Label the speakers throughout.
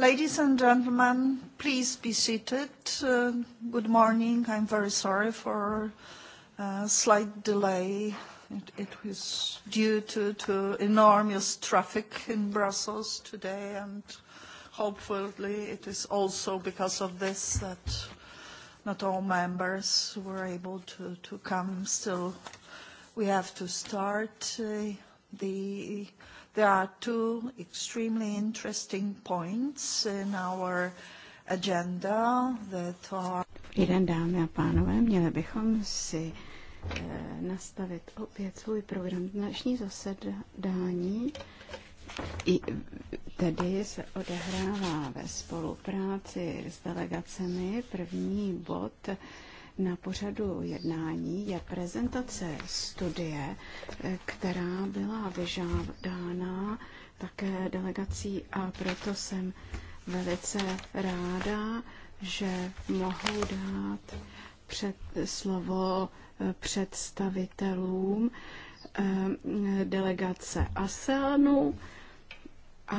Speaker 1: Ladies and gentlemen, please be seated. Uh, good morning. I'm very sorry for a uh, slight
Speaker 2: delay. It, was due to, enormous traffic in
Speaker 1: Brussels today, and hopefully it is also because of this that not all members were able to, come. Still, we have to start uh, the There are two extremely interesting points in our agenda that are... Dobrý den, dámy a pánové, měli bychom si eh, nastavit opět svůj program dnešní zasedání. I tedy se odehrává ve spolupráci s delegacemi první bod na pořadu jednání je prezentace studie, eh, která byla vyžádána také delegací a proto jsem velice ráda, že mohu dát před, slovo eh, představitelům eh, delegace ASEANu a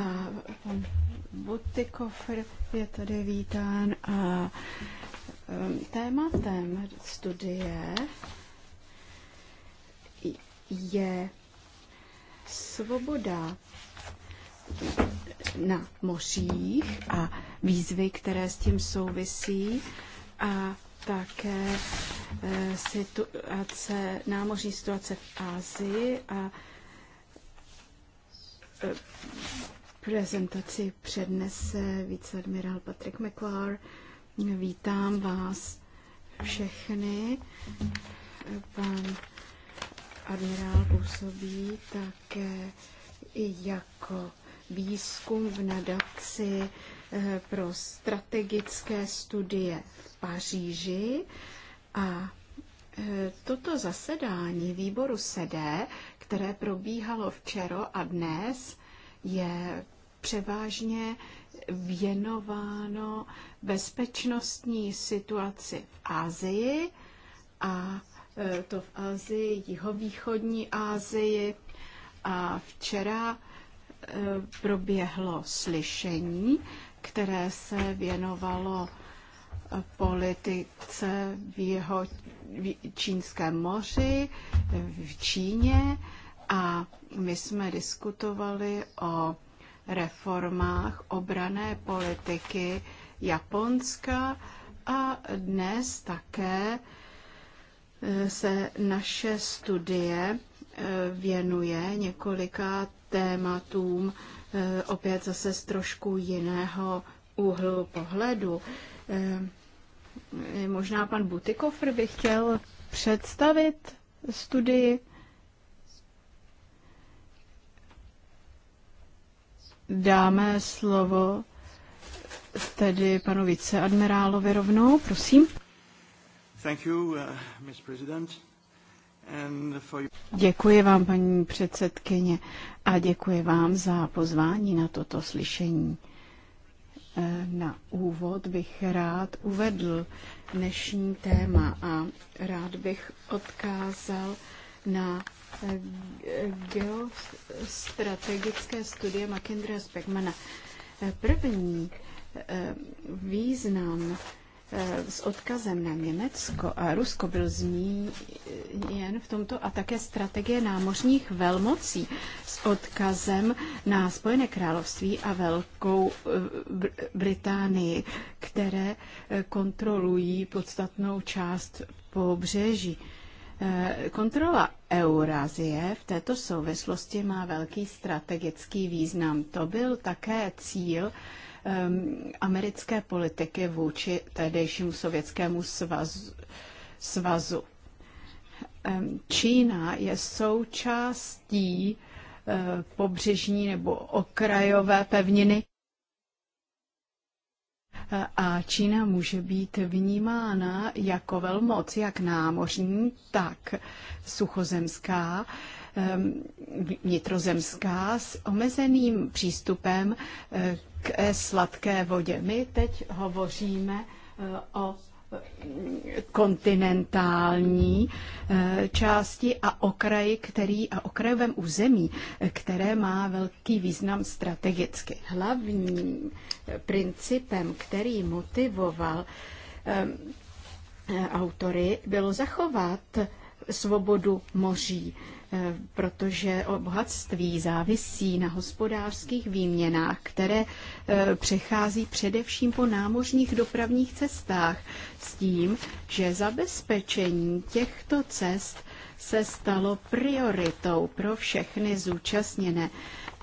Speaker 1: pan Butikofer je tady vítán a Ehm, tématem studie je svoboda na mořích a výzvy, které s tím souvisí a také eh, situace, námořní situace v Ázii a eh, prezentaci přednese viceadmirál Patrick McClure Vítám vás všechny. Pan admirál působí také jako výzkum v nadaci eh, pro strategické studie v Paříži a eh, toto zasedání výboru SEDE, které probíhalo včero a dnes, je převážně věnováno bezpečnostní situaci v Ázii a e, to v Ázii, jihovýchodní Ázii. A včera e, proběhlo slyšení, které se věnovalo e, politice v jeho v čínském moři, v Číně a my jsme diskutovali o reformách obrané politiky Japonska a dnes také eh, se naše studie eh, věnuje několika tématům, eh, opět zase z trošku jiného úhlu pohledu. Možná pan Butikofr by chtěl představit studii. Dáme slovo tedy panu viceadmirálovi rovnou, prosím.
Speaker 3: Thank you, uh, Ms. President.
Speaker 1: Děkuji vám, paní předsedkyně, a děkuji vám za pozvání na toto slyšení. Eh, na úvod bych rád uvedl dnešní téma a rád bych odkázal na eh, geostrategické studie Mackindra Speckmana. Eh, první Eh, význam eh, s odkazem na Německo a Rusko byl zmíněn v tomto a také strategie námořních velmocí s odkazem na Spojené království a Velkou eh, Británii, které kontrolují podstatnou část pobřeží. Kontrola Eurazie v této souvislosti má velký strategický význam. To byl také cíl americké politiky vůči tehdejšímu sovětskému svazu. svazu. Čína je součástí eh, pobřežní nebo okrajové pevniny a Čína může být vnímána jako velmoc, jak námořní, tak suchozemská. Ehm, vnitrozemská s omezeným přístupem eh, k sladké vodě. My teď hovoříme eh, o mm, kontinentální eh, části a okraji, který a okrajovém území, které má velký význam strategicky. Hlavním principem, který motivoval ehm, autory, bylo zachovat svobodu moří Eh, protože bohatství závisí na hospodářských výměnách, které eh, přechází především po námořních dopravních cestách s tím, že zabezpečení těchto cest se stalo prioritou pro všechny zúčastněné,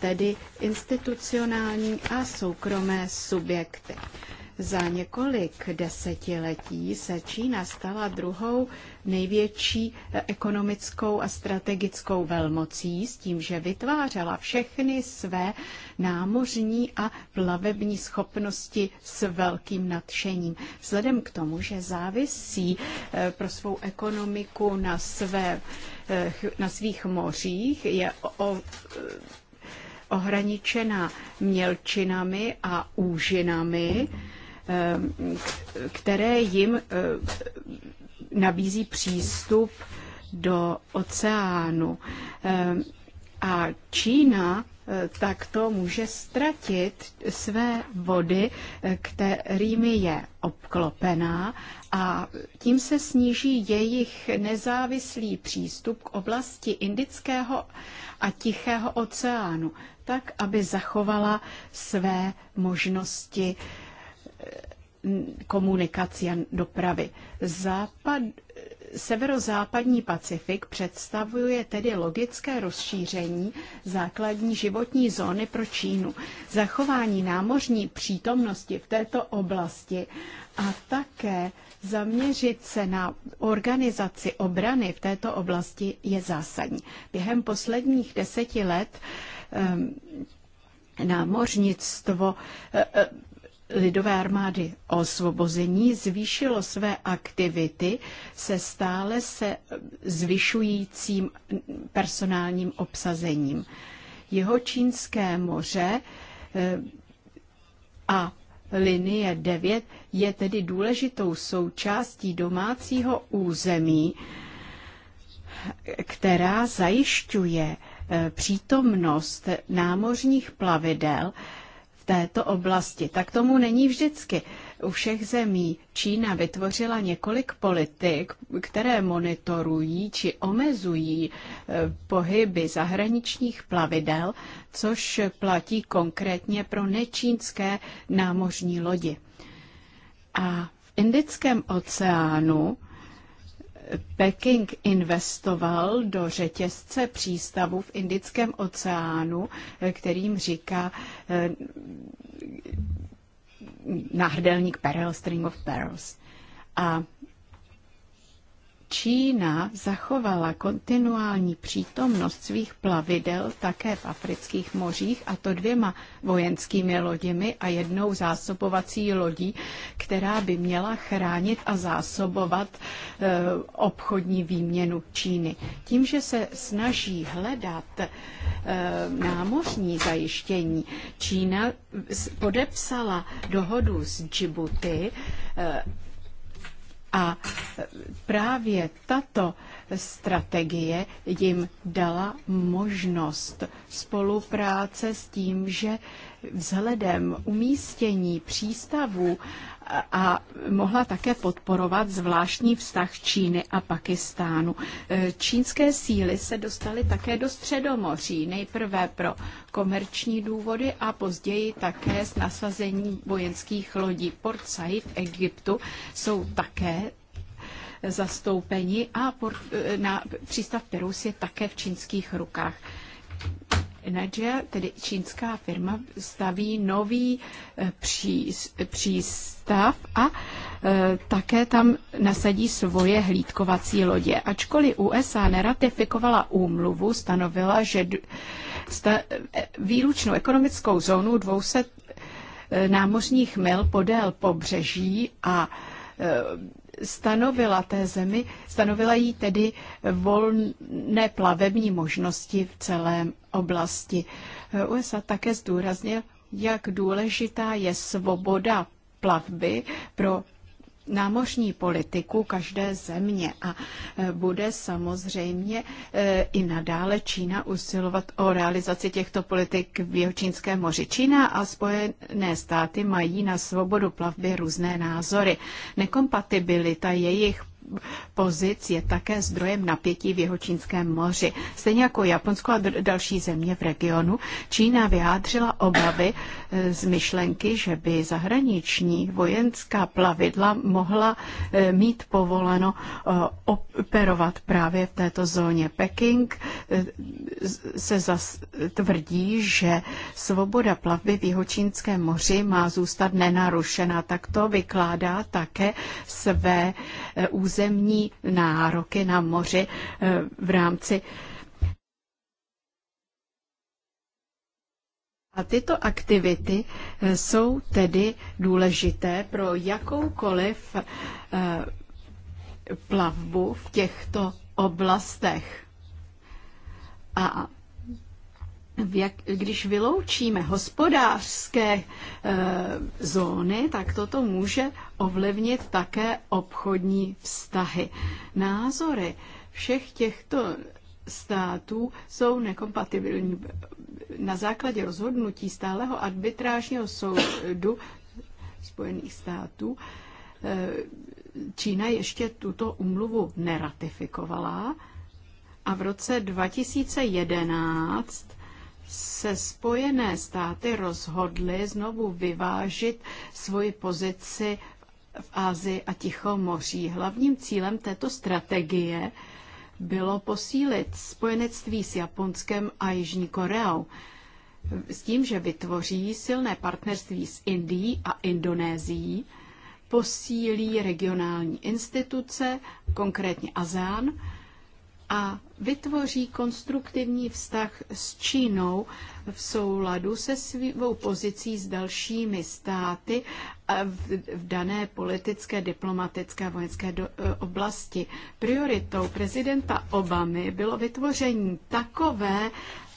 Speaker 1: tedy institucionální a soukromé subjekty. Za několik desetiletí se Čína stala druhou největší eh, ekonomickou a strategickou velmocí s tím, že vytvářela všechny své námořní a plavební schopnosti s velkým nadšením. Vzhledem k tomu, že závisí eh, pro svou ekonomiku na, své, eh, na svých mořích, je o, ohraničena mělčinami a úžinami, Eh, které jim eh, nabízí přístup do oceánu. Eh, a Čína tak to může ztratit své vody, kterými je obklopená a tím se sníží jejich nezávislý přístup k oblasti Indického a Tichého oceánu, tak aby zachovala své možnosti eh, komunikací a dopravy. Západ, severozápadní Pacifik představuje tedy logické rozšíření základní životní zóny pro Čínu, zachování námořní přítomnosti v této oblasti a také zaměřit se na organizaci obrany v této oblasti je zásadní. Během posledních deseti let um, námořnictvo e, e, lidové armády osvobození zvýšilo své aktivity se stále se zvyšujícím personálním obsazením. Jeho čínské moře eh, a linie 9 je tedy důležitou součástí domácího území, která zajišťuje eh, přítomnost námořních plavidel, této oblasti. Tak tomu není vždycky. U všech zemí Čína vytvořila několik politik, které monitorují či omezují e, pohyby zahraničních plavidel, což platí konkrétně pro nečínské námořní lodi. A v Indickém oceánu Peking investoval do řetězce přístavu v Indickém oceánu, eh, kterým říká eh, náhrdelník Pearl String of Perils. A Čína zachovala kontinuální přítomnost svých plavidel také v afrických mořích, a to dvěma vojenskými loděmi a jednou zásobovací lodí, která by měla chránit a zásobovat e, obchodní výměnu Číny. Tím, že se snaží hledat e, námořní zajištění, Čína podepsala dohodu s Djibouti, e, a právě tato strategie jim dala možnost spolupráce s tím, že vzhledem umístění přístavu a mohla také podporovat zvláštní vztah Číny a Pakistánu. Čínské síly se dostaly také do Středomoří, nejprve pro komerční důvody a později také s nasazení vojenských lodí. Port Said v Egyptu jsou také zastoupeni a port, na přístav Perus je také v čínských rukách. Energia, tedy čínská firma, staví nový eh, přístav a eh, také tam nasadí svoje hlídkovací lodě. Ačkoliv USA neratifikovala úmluvu, stanovila, že eh, výlučnou ekonomickou zónu 200 námořních mil podél pobřeží a stanovila té zemi, stanovila jí tedy volné plavební možnosti v celé oblasti. USA také zdůraznil, jak důležitá je svoboda plavby pro námořní politiku každé země a e, bude samozřejmě e, i nadále Čína usilovat o realizaci těchto politik v Jihočínském moři. Čína a Spojené státy mají na svobodu plavby různé názory. Nekompatibilita jejich pozic je také zdrojem napětí v čínském moři. Stejně jako Japonsko a další země v regionu, Čína vyjádřila obavy e, z myšlenky, že by zahraniční vojenská plavidla mohla e, mít povoleno e, operovat právě v této zóně. Peking se zas tvrdí, že svoboda plavby v čínském moři má zůstat nenarušená. Tak to vykládá také své Eh, územní nároky na moři eh, v rámci A tyto aktivity eh, jsou tedy důležité pro jakoukoliv plavbu v těchto oblastech. A jak, když vyloučíme hospodářské e, zóny, tak toto může ovlivnit také obchodní vztahy. Názory všech těchto států jsou nekompatibilní. Na základě rozhodnutí stáleho arbitrážního soudu Spojených států e, Čína ještě tuto umluvu neratifikovala a v roce 2011 se Spojené státy rozhodly znovu vyvážit svoji pozici v Ázii a Tichomoří. Hlavním cílem této strategie bylo posílit spojenectví s Japonskem a Jižní Koreou s tím, že vytvoří silné partnerství s Indií a Indonésií, posílí regionální instituce, konkrétně ASEAN, a vytvoří konstruktivní vztah s Čínou v souladu se svou pozicí s dalšími státy v dané politické, diplomatické a vojenské e, oblasti. Prioritou prezidenta Obamy bylo vytvoření takové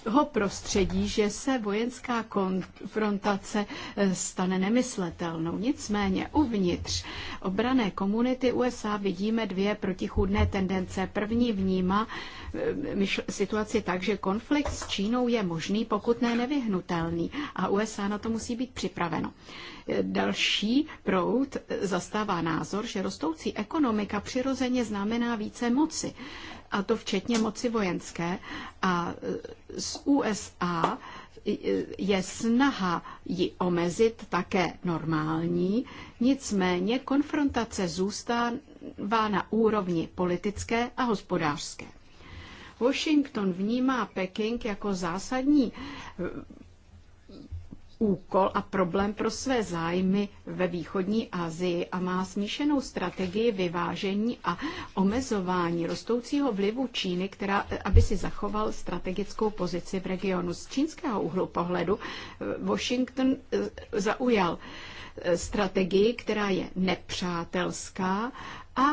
Speaker 1: ho prostředí, že se vojenská konfrontace eh, stane nemysletelnou. Nicméně uvnitř obrané komunity USA vidíme dvě protichůdné tendence. První vnímá eh, situaci tak, že konflikt s Čínou je možný, pokud ne nevyhnutelný a USA na to musí být připraveno. Eh, další proud zastává názor, že rostoucí ekonomika přirozeně znamená více moci a to včetně moci vojenské. A z USA je snaha ji omezit také normální, nicméně konfrontace zůstává na úrovni politické a hospodářské. Washington vnímá Peking jako zásadní úkol a problém pro své zájmy ve východní Asii a má smíšenou strategii vyvážení a omezování rostoucího vlivu Číny, která, aby si zachoval strategickou pozici v regionu. Z čínského úhlu pohledu eh, Washington eh, zaujal eh, strategii, která je nepřátelská a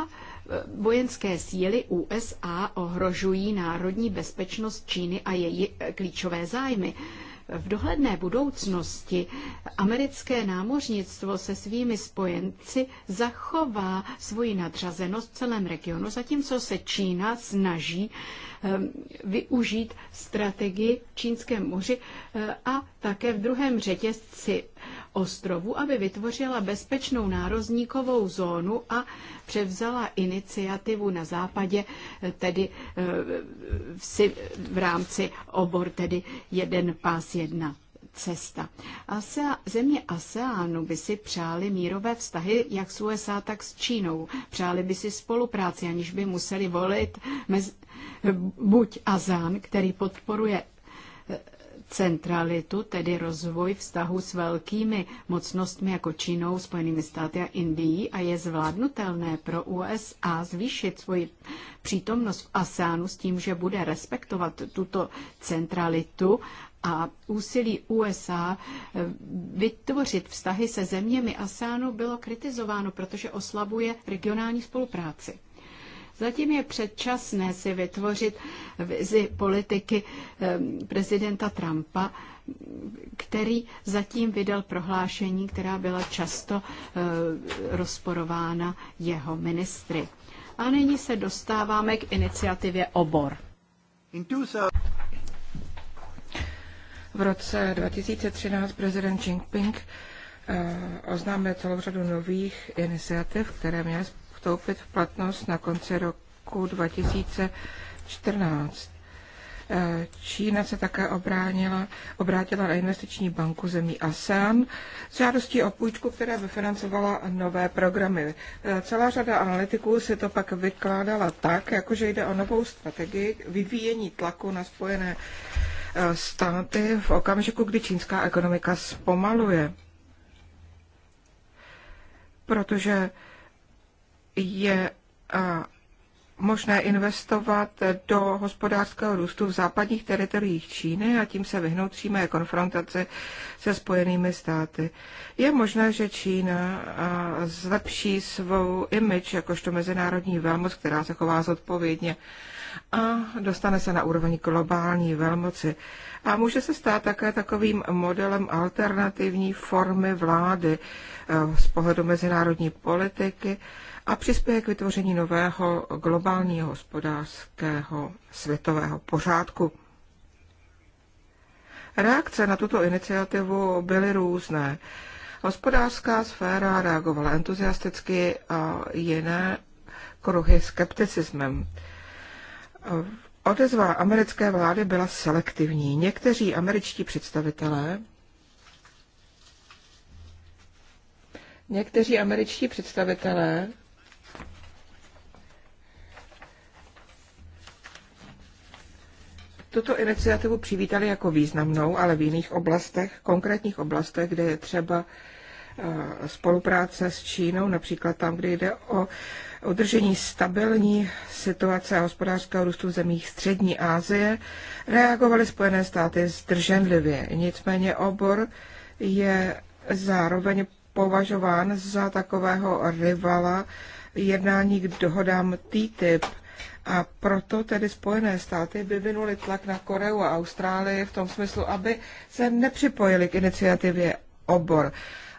Speaker 1: Vojenské síly USA ohrožují národní bezpečnost Číny a její klíčové zájmy. V dohledné budoucnosti americké námořnictvo se svými spojenci zachová svoji nadřazenost v celém regionu, zatímco se Čína snaží ehm, využít strategii v Čínském moři eh, a také v druhém řetězci ostrovu, aby vytvořila bezpečnou nározníkovou zónu a převzala iniciativu na západě, eh, tedy eh, v, v rámci obor, tedy jeden pás jedna cesta. ASEA, země ASEANu by si přáli mírové vztahy jak s USA, tak s Čínou. Přáli by si spolupráci, aniž by museli volit mez, buď Azán, který podporuje centralitu, tedy rozvoj vztahu s velkými mocnostmi jako Čínou, Spojenými státy a Indií a je zvládnutelné pro USA zvýšit svoji přítomnost v ASEANu s tím, že bude respektovat tuto centralitu a úsilí USA eh, vytvořit vztahy se zeměmi ASEANu bylo kritizováno, protože oslabuje regionální spolupráci. Zatím je předčasné si vytvořit vizi politiky ehm, prezidenta Trumpa, který zatím vydal prohlášení, která byla často eh, rozporována jeho ministry. A nyní se dostáváme k iniciativě Obor. V roce 2013 prezident
Speaker 2: Jinping eh, oznámil celou řadu nových iniciativ, které měly vstoupit v platnost na konci roku 2014. Eh, Čína se také obránila, obrátila na investiční banku zemí ASEAN s žádostí o půjčku, která by financovala nové programy. Eh, Celá řada analytiků se to pak vykládala tak, jakože jde o novou strategii vyvíjení tlaku na spojené eh, státy v okamžiku, kdy čínská ekonomika zpomaluje. Protože je možné investovat do hospodářského růstu v západních teritoriích Číny a tím se vyhnout přímé konfrontaci se spojenými státy. Je možné, že Čína zlepší svou image jakožto mezinárodní velmoc, která se chová zodpovědně a dostane se na úroveň globální velmoci. A může se stát také takovým modelem alternativní formy vlády z pohledu mezinárodní politiky, a přispěje k vytvoření nového globálního hospodářského světového pořádku. Reakce na tuto iniciativu byly různé. Hospodářská sféra reagovala entuziasticky a jiné kruhy skepticismem. Odezva americké vlády byla selektivní. Někteří američtí představitelé Někteří američtí představitelé tuto iniciativu přivítali jako významnou, ale v jiných oblastech, konkrétních oblastech, kde je třeba eh, spolupráce s Čínou, například tam, kde jde o udržení stabilní situace a hospodářského růstu v zemích Střední Asie, reagovaly Spojené státy zdrženlivě. Nicméně obor je zároveň považován za takového rivala jednání k dohodám TTIP, a proto tedy Spojené státy vyvinuly tlak na Koreu a Austrálii v tom smyslu, aby se nepřipojili k iniciativě obor.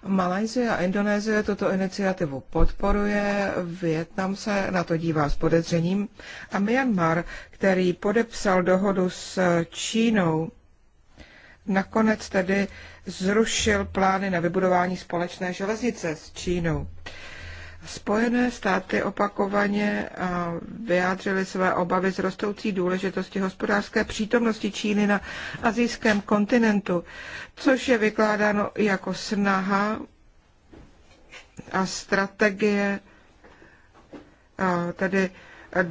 Speaker 2: Malajzie a Indonésie tuto iniciativu podporuje, Větnam se na to dívá s podezřením a Myanmar, který podepsal dohodu s Čínou, nakonec tedy zrušil plány na vybudování společné železnice s Čínou. Spojené státy opakovaně eh, vyjádřily své obavy z rostoucí důležitosti hospodářské přítomnosti Číny na azijském kontinentu, což je vykládáno jako snaha a strategie eh, tedy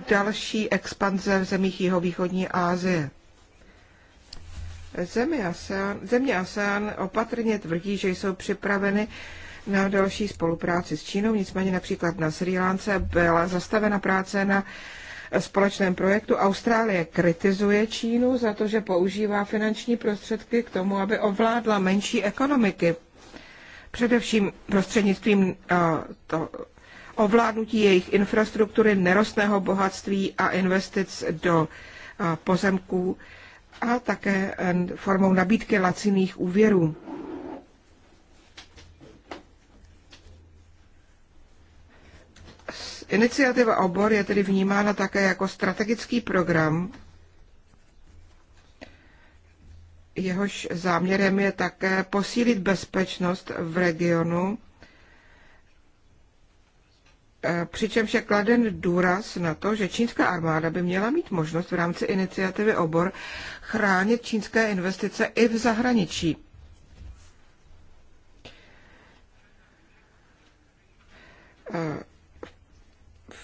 Speaker 2: další expanze v zemích jihovýchodní Asie. Země ASEAN, země ASEAN opatrně tvrdí, že jsou připraveny na další spolupráci s Čínou, nicméně například na Sri Lance byla zastavena práce na společném projektu. Austrálie kritizuje Čínu za to, že používá finanční prostředky k tomu, aby ovládla menší ekonomiky. Především prostřednictvím eh, to ovládnutí jejich infrastruktury, nerostného bohatství a investic do eh, pozemků a také eh, formou nabídky laciných úvěrů. Iniciativa Obor je tedy vnímána také jako strategický program, jehož záměrem je také posílit bezpečnost v regionu, e, přičemž je kladen důraz na to, že čínská armáda by měla mít možnost v rámci iniciativy Obor chránit čínské investice i v zahraničí. Uh,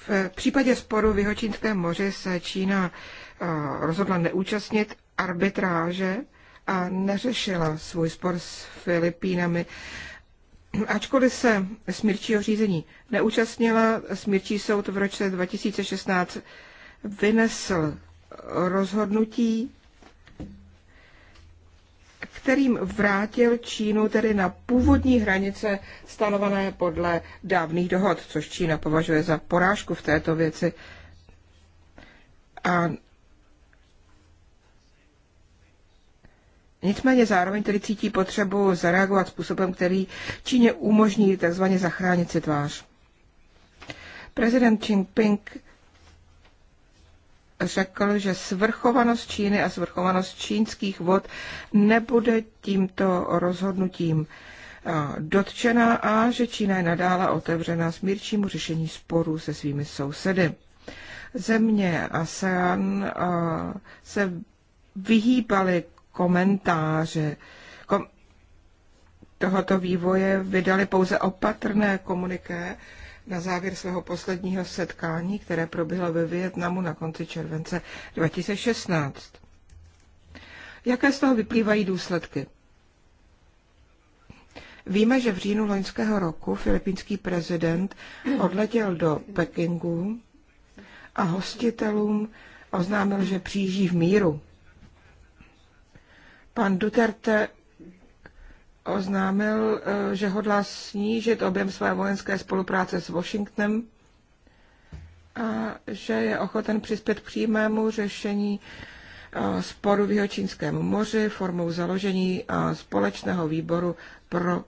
Speaker 2: v případě sporu v Jihočínském moři se Čína eh, rozhodla neúčastnit arbitráže a neřešila svůj spor s Filipínami. Ačkoliv se smírčího řízení neúčastnila, smírčí soud v roce 2016 vynesl rozhodnutí kterým vrátil Čínu tedy na původní hranice stanovené podle dávných dohod, což Čína považuje za porážku v této věci. A Nicméně zároveň tedy cítí potřebu zareagovat způsobem, který Číně umožní takzvaně zachránit si tvář. Prezident Xi Jinping řekl, že svrchovanost Číny a svrchovanost čínských vod nebude tímto rozhodnutím eh, dotčena a že Čína je nadále otevřená smírčímu řešení sporů se svými sousedy. Země ASEAN eh, se vyhýbaly komentáře tohoto vývoje, vydali pouze opatrné komuniké na závěr svého posledního setkání, které proběhlo ve Vietnamu na konci července 2016. Jaké z toho vyplývají důsledky? Víme, že v říjnu loňského roku filipínský prezident odletěl do Pekingu a hostitelům oznámil, že přijíždí v míru. Pan Duterte oznámil, eh, že hodlá snížit objem své vojenské spolupráce s Washingtonem a že je ochoten přispět k přímému řešení eh, sporu v Jihočínském moři formou založení eh, společného výboru pro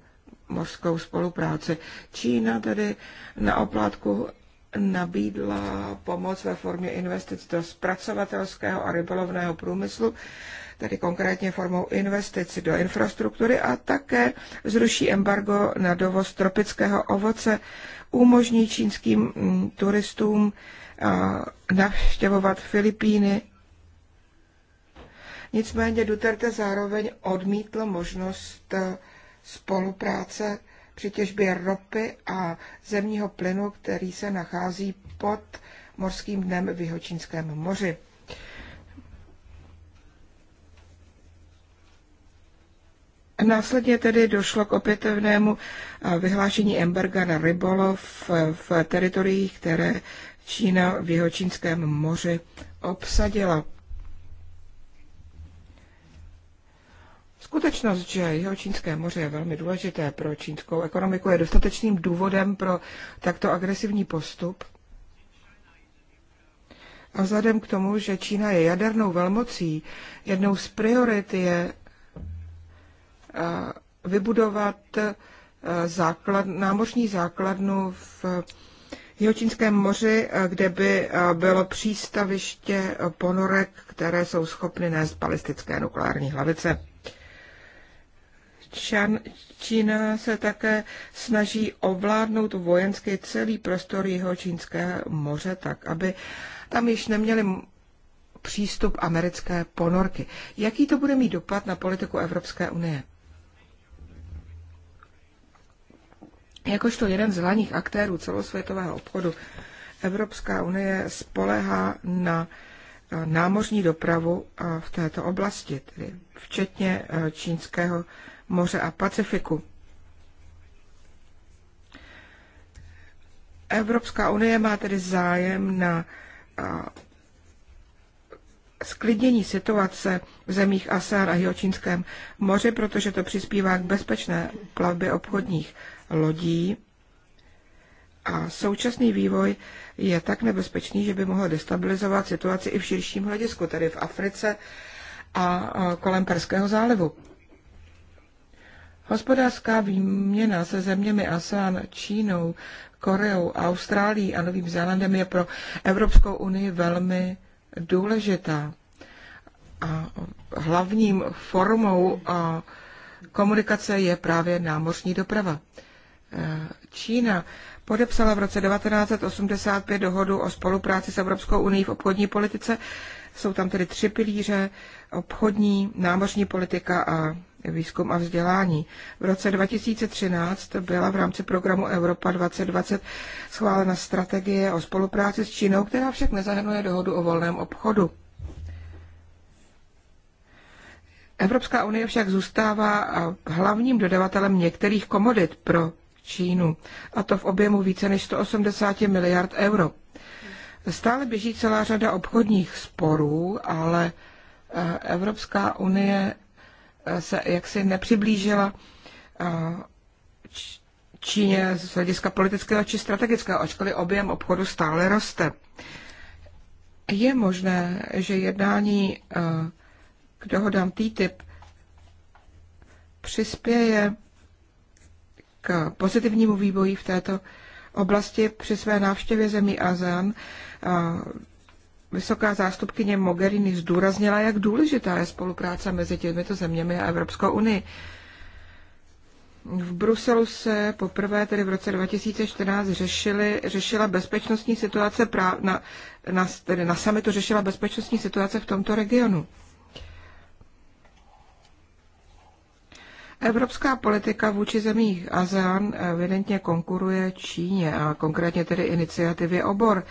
Speaker 2: mořskou spolupráci. Čína tedy na oplátku nabídla pomoc ve formě investic do zpracovatelského a rybolovného průmyslu tedy konkrétně formou investic do infrastruktury a také zruší embargo na dovoz tropického ovoce, umožní čínským mm, turistům navštěvovat Filipíny. Nicméně Duterte zároveň odmítl možnost spolupráce při těžbě ropy a zemního plynu, který se nachází pod morským dnem v Jihočínském moři. Následně tedy došlo k opětovnému eh, vyhlášení embarga na rybolov eh, v teritoriích, které Čína v jeho čínském moři obsadila. Skutečnost, že jeho čínské moře je velmi důležité pro čínskou ekonomiku, je dostatečným důvodem pro takto agresivní postup. A vzhledem k tomu, že Čína je jadernou velmocí, jednou z priority je Eh, vybudovat eh, základ, námořní základnu v Jihočínském moři, eh, kde by bylo přístaviště ponorek, které jsou schopny nést balistické nukleární hlavice. Čan, Čína se také snaží ovládnout vojensky celý prostor Jihočínského moře tak, aby tam již neměli přístup americké ponorky. Jaký to bude mít dopad na politiku Evropské unie? Jakožto jeden z hlavních aktérů celosvětového obchodu, Evropská unie spolehá na eh, námořní dopravu eh, v této oblasti, tedy včetně eh, Čínského moře a Pacifiku. Evropská unie má tedy zájem na sklidnění situace v zemích ASEAN a Jihočínském moři, protože to přispívá k bezpečné plavbě obchodních lodí a současný vývoj je tak nebezpečný, že by mohl destabilizovat situaci i v širším hledisku, tedy v Africe a kolem Perského zálivu. Hospodářská výměna se zeměmi ASEAN, Čínou, Koreou, Austrálií a Novým Zélandem je pro Evropskou unii velmi důležitá. A hlavním formou komunikace je právě námořní doprava. Eh, Čína podepsala v roce 1985 dohodu o spolupráci s Evropskou unii v obchodní politice. Jsou tam tedy tři pilíře, obchodní, námořní politika a výzkum a vzdělání. V roce 2013 byla v rámci programu Evropa 2020 schválena strategie o spolupráci s Čínou, která však nezahrnuje dohodu o volném obchodu. Evropská unie však zůstává hlavním dodavatelem některých komodit pro Čínu, a to v objemu více než 180 miliard euro. Stále běží celá řada obchodních sporů, ale eh, Evropská unie eh, se jaksi nepřiblížila eh, Číně z hlediska politického či strategického, ačkoliv objem obchodu stále roste. Je možné, že jednání k dohodám TTIP přispěje k pozitivnímu vývoji v této oblasti při své návštěvě zemí ASEAN vysoká zástupkyně Mogherini zdůraznila, jak důležitá je spolupráce mezi těmito zeměmi a Evropskou unii. V Bruselu se poprvé, tedy v roce 2014, řešili, řešila bezpečnostní situace, prá, na, na, tedy na samitu řešila bezpečnostní situace v tomto regionu. Evropská politika vůči zemích ASEAN evidentně konkuruje Číně a konkrétně tedy iniciativě obor.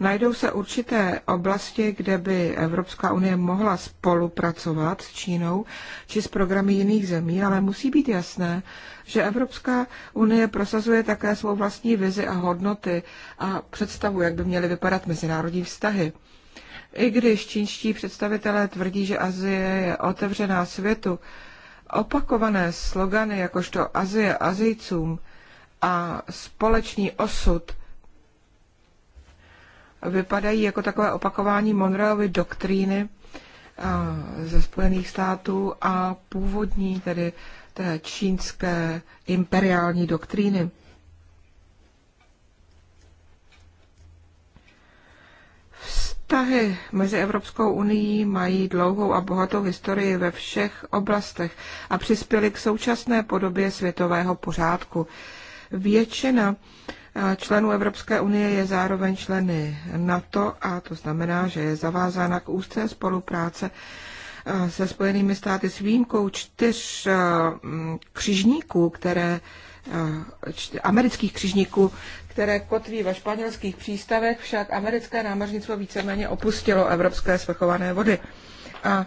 Speaker 2: Najdou se určité oblasti, kde by Evropská unie mohla spolupracovat s Čínou či s programy jiných zemí, ale musí být jasné, že Evropská unie prosazuje také svou vlastní vizi a hodnoty a představu, jak by měly vypadat mezinárodní vztahy. I když čínští představitelé tvrdí, že Azie je otevřená světu, Opakované slogany jakožto Azie Azijcům a společný osud vypadají jako takové opakování Monroeovy doktríny ze Spojených států a původní tedy té čínské imperiální doktríny. Vztahy mezi Evropskou unii mají dlouhou a bohatou historii ve všech oblastech a přispěly k současné podobě světového pořádku. Většina eh, členů Evropské unie je zároveň členy NATO a to znamená, že je zavázána k úzce spolupráce eh, se Spojenými státy s výjimkou čtyř eh, křižníků, které Eh, amerických křižníků, které kotví ve španělských přístavech, však americké námořnictvo víceméně opustilo evropské svrchované vody. A, a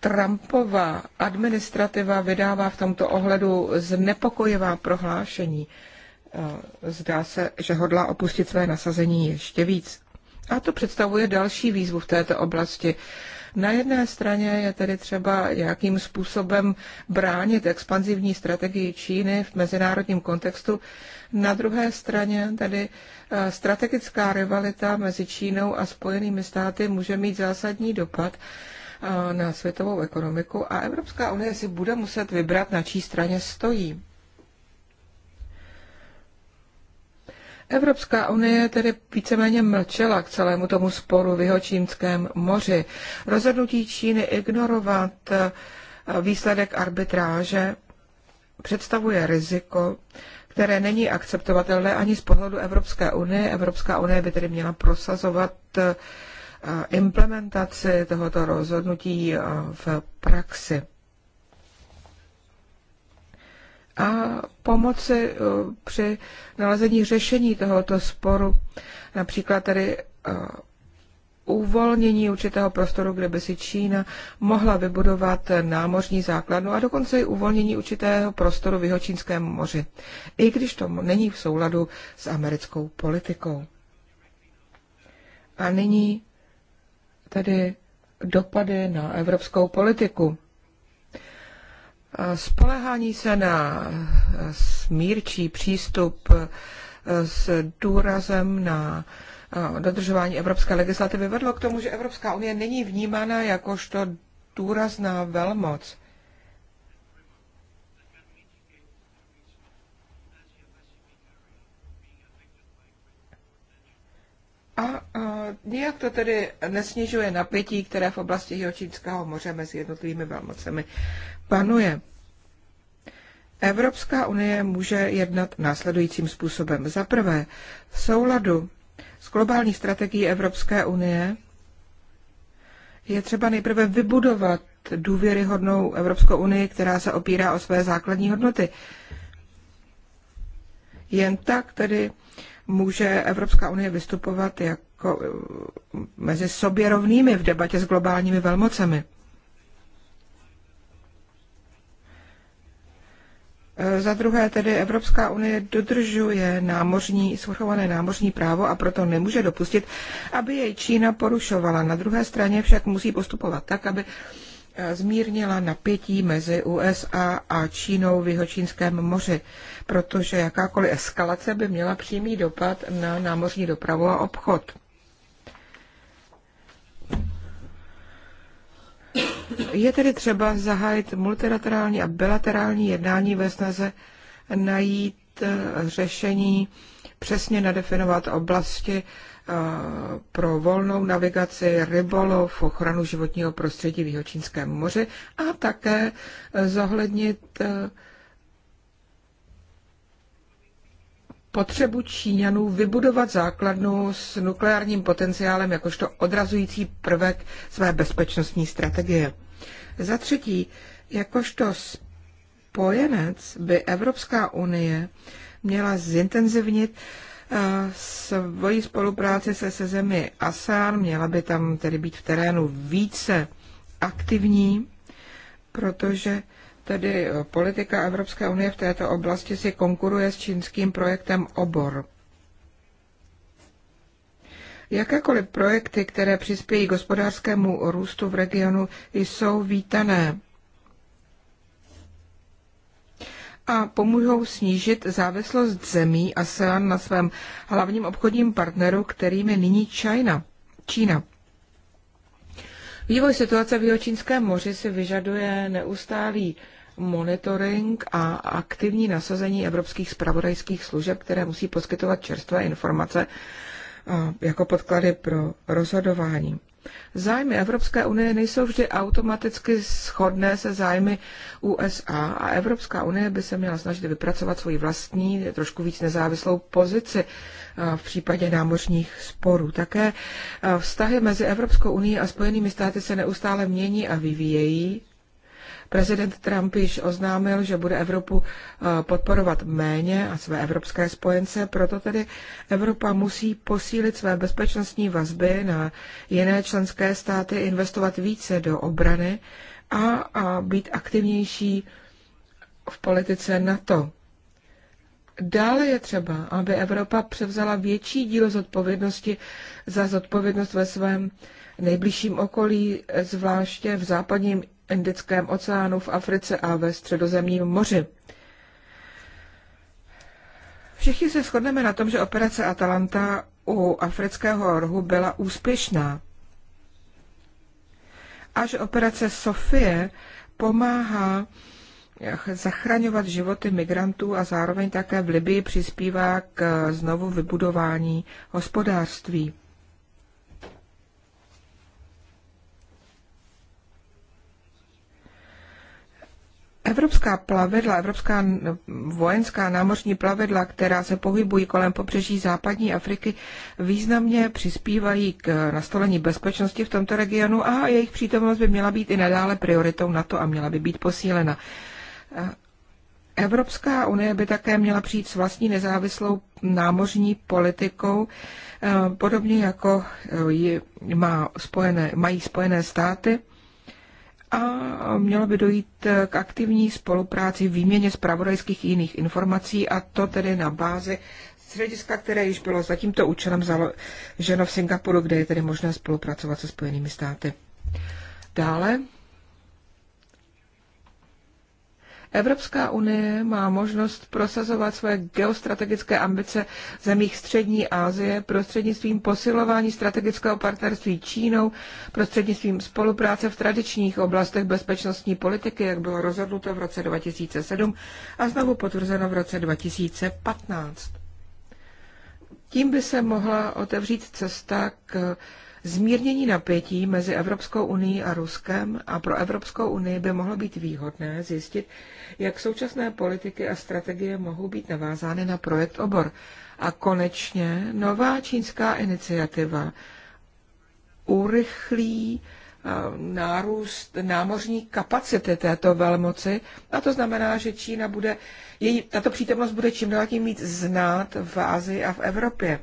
Speaker 2: Trumpova administrativa vydává v tomto ohledu znepokojivá prohlášení. Eh, zdá se, že hodlá opustit své nasazení ještě víc. A to představuje další výzvu v této oblasti. Na jedné straně je tedy třeba, jakým způsobem bránit expanzivní strategii Číny v mezinárodním kontextu. Na druhé straně tedy eh, strategická rivalita mezi Čínou a Spojenými státy může mít zásadní dopad eh, na světovou ekonomiku a Evropská unie si bude muset vybrat, na čí straně stojí. Evropská unie tedy víceméně mlčela k celému tomu sporu v čínském moři. Rozhodnutí Číny ignorovat eh, výsledek arbitráže představuje riziko, které není akceptovatelné ani z pohledu Evropské unie. Evropská unie by tedy měla prosazovat eh, implementaci tohoto rozhodnutí eh, v praxi a pomoci eh, při nalezení řešení tohoto sporu. Například tady eh, uvolnění určitého prostoru, kde by si Čína mohla vybudovat námořní základnu a dokonce i uvolnění určitého prostoru v Jihočínském moři, i když to není v souladu s americkou politikou. A nyní tedy dopady na evropskou politiku. Spolehání se na smírčí přístup s důrazem na eh, dodržování evropské legislativy vedlo k tomu, že Evropská unie není vnímána jakožto důrazná velmoc. A, nijak to tedy nesnižuje napětí, které v oblasti Jihočínského moře mezi jednotlivými velmocemi panuje. Evropská unie může jednat následujícím způsobem. Za prvé, v souladu s globální strategií Evropské unie je třeba nejprve vybudovat důvěryhodnou Evropskou unii, která se opírá o své základní hodnoty. Jen tak tedy může Evropská unie vystupovat jako eh, mezi sobě rovnými v debatě s globálními velmocemi. Eh, za druhé tedy Evropská unie dodržuje námořní, svrchované námořní právo a proto nemůže dopustit, aby jej Čína porušovala. Na druhé straně však musí postupovat tak, aby zmírnila napětí mezi USA a Čínou v Jihočínském moři, protože jakákoliv eskalace by měla přímý dopad na námořní dopravu a obchod. Je tedy třeba zahájit multilaterální a bilaterální jednání ve snaze najít eh, řešení, přesně nadefinovat oblasti Eh, pro volnou navigaci, rybolov, ochranu životního prostředí v Jihočínském moři a také eh, zohlednit eh, potřebu Číňanů vybudovat základnu s nukleárním potenciálem jakožto odrazující prvek své bezpečnostní strategie. Za třetí, jakožto spojenec by Evropská unie měla zintenzivnit uh, svoji spolupráci se, se zemi ASEAN, měla by tam tedy být v terénu více aktivní, protože tedy politika Evropské unie v této oblasti si konkuruje s čínským projektem Obor. Jakékoliv projekty, které přispějí k hospodářskému růstu v regionu, jsou vítané. a pomůžou snížit závislost zemí ASEAN na svém hlavním obchodním partneru, kterým je nyní Čína. Čína. Vývoj situace v Jihočínském moři si vyžaduje neustálý monitoring a aktivní nasazení evropských spravodajských služeb, které musí poskytovat čerstvé informace jako podklady pro rozhodování. Zájmy Evropské unie nejsou vždy automaticky shodné se zájmy USA a Evropská unie by se měla snažit vypracovat svoji vlastní, trošku víc nezávislou pozici eh, v případě námořních sporů. Také eh, vztahy mezi Evropskou unii a Spojenými státy se neustále mění a vyvíjejí. Prezident Trump již oznámil, že bude Evropu eh, podporovat méně a své evropské spojence, proto tedy Evropa musí posílit své bezpečnostní vazby na jiné členské státy, investovat více do obrany a, a být aktivnější v politice NATO. Dále je třeba, aby Evropa převzala větší díl zodpovědnosti za zodpovědnost ve svém nejbližším okolí, zvláště v západním Indickém oceánu, v Africe a ve Středozemním moři. Všichni se shodneme na tom, že operace Atalanta u afrického rohu byla úspěšná a že operace Sofie pomáhá eh, zachraňovat životy migrantů a zároveň také v Libii přispívá k eh, znovu vybudování hospodářství. Evropská plavidla, evropská vojenská námořní plavidla, která se pohybují kolem pobřeží západní Afriky, významně přispívají k nastolení bezpečnosti v tomto regionu a jejich přítomnost by měla být i nadále prioritou na to a měla by být posílena. Eh, evropská unie by také měla přijít s vlastní nezávislou námořní politikou, eh, podobně jako eh, má spojené, mají spojené státy a mělo by dojít k aktivní spolupráci, výměně zpravodajských jiných informací a to tedy na bázi střediska, které již bylo za tímto účelem založeno v Singapuru, kde je tedy možné spolupracovat se Spojenými státy. Dále Evropská unie má možnost prosazovat své geostrategické ambice v zemích Střední Asie prostřednictvím posilování strategického partnerství Čínou, prostřednictvím spolupráce v tradičních oblastech bezpečnostní politiky, jak bylo rozhodnuto v roce 2007 a znovu potvrzeno v roce 2015. Tím by se mohla otevřít cesta k Zmírnění napětí mezi Evropskou unii a Ruskem a pro Evropskou unii by mohlo být výhodné zjistit, jak současné politiky a strategie mohou být navázány na projekt obor. A konečně nová čínská iniciativa urychlí eh, nárůst námořní kapacity této velmoci. A to znamená, že Čína bude, její, tato přítomnost bude čím dál tím víc znát v Ázii a v Evropě.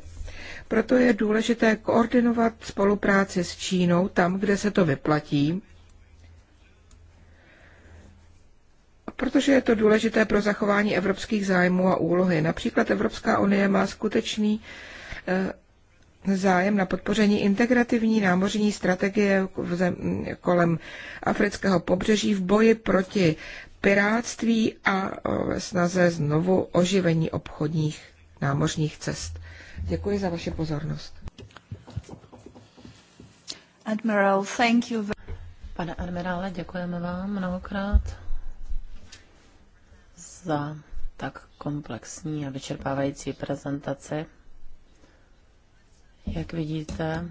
Speaker 2: Proto je důležité koordinovat spolupráci s Čínou tam, kde se to vyplatí, protože je to důležité pro zachování evropských zájmů a úlohy. Například Evropská unie má skutečný eh, zájem na podpoření integrativní námořní strategie kolem afrického pobřeží v boji proti piráctví a eh, snaze znovu oživení obchodních námořních cest. Děkuji za vaši pozornost.
Speaker 4: Admiral, thank you. Pane admirále, děkujeme vám mnohokrát za tak komplexní a vyčerpávající prezentaci. Jak vidíte,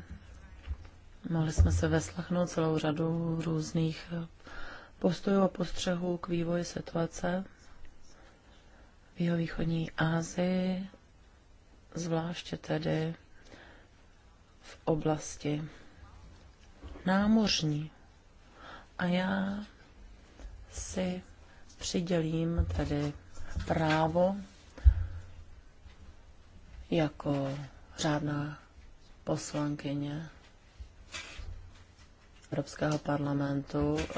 Speaker 4: mohli jsme se veslechnout celou řadu různých postojů a postřehů k vývoji situace v jihovýchodní Asii zvláště tedy v oblasti námořní. A já si přidělím tedy právo jako řádná poslankyně Evropského parlamentu eh,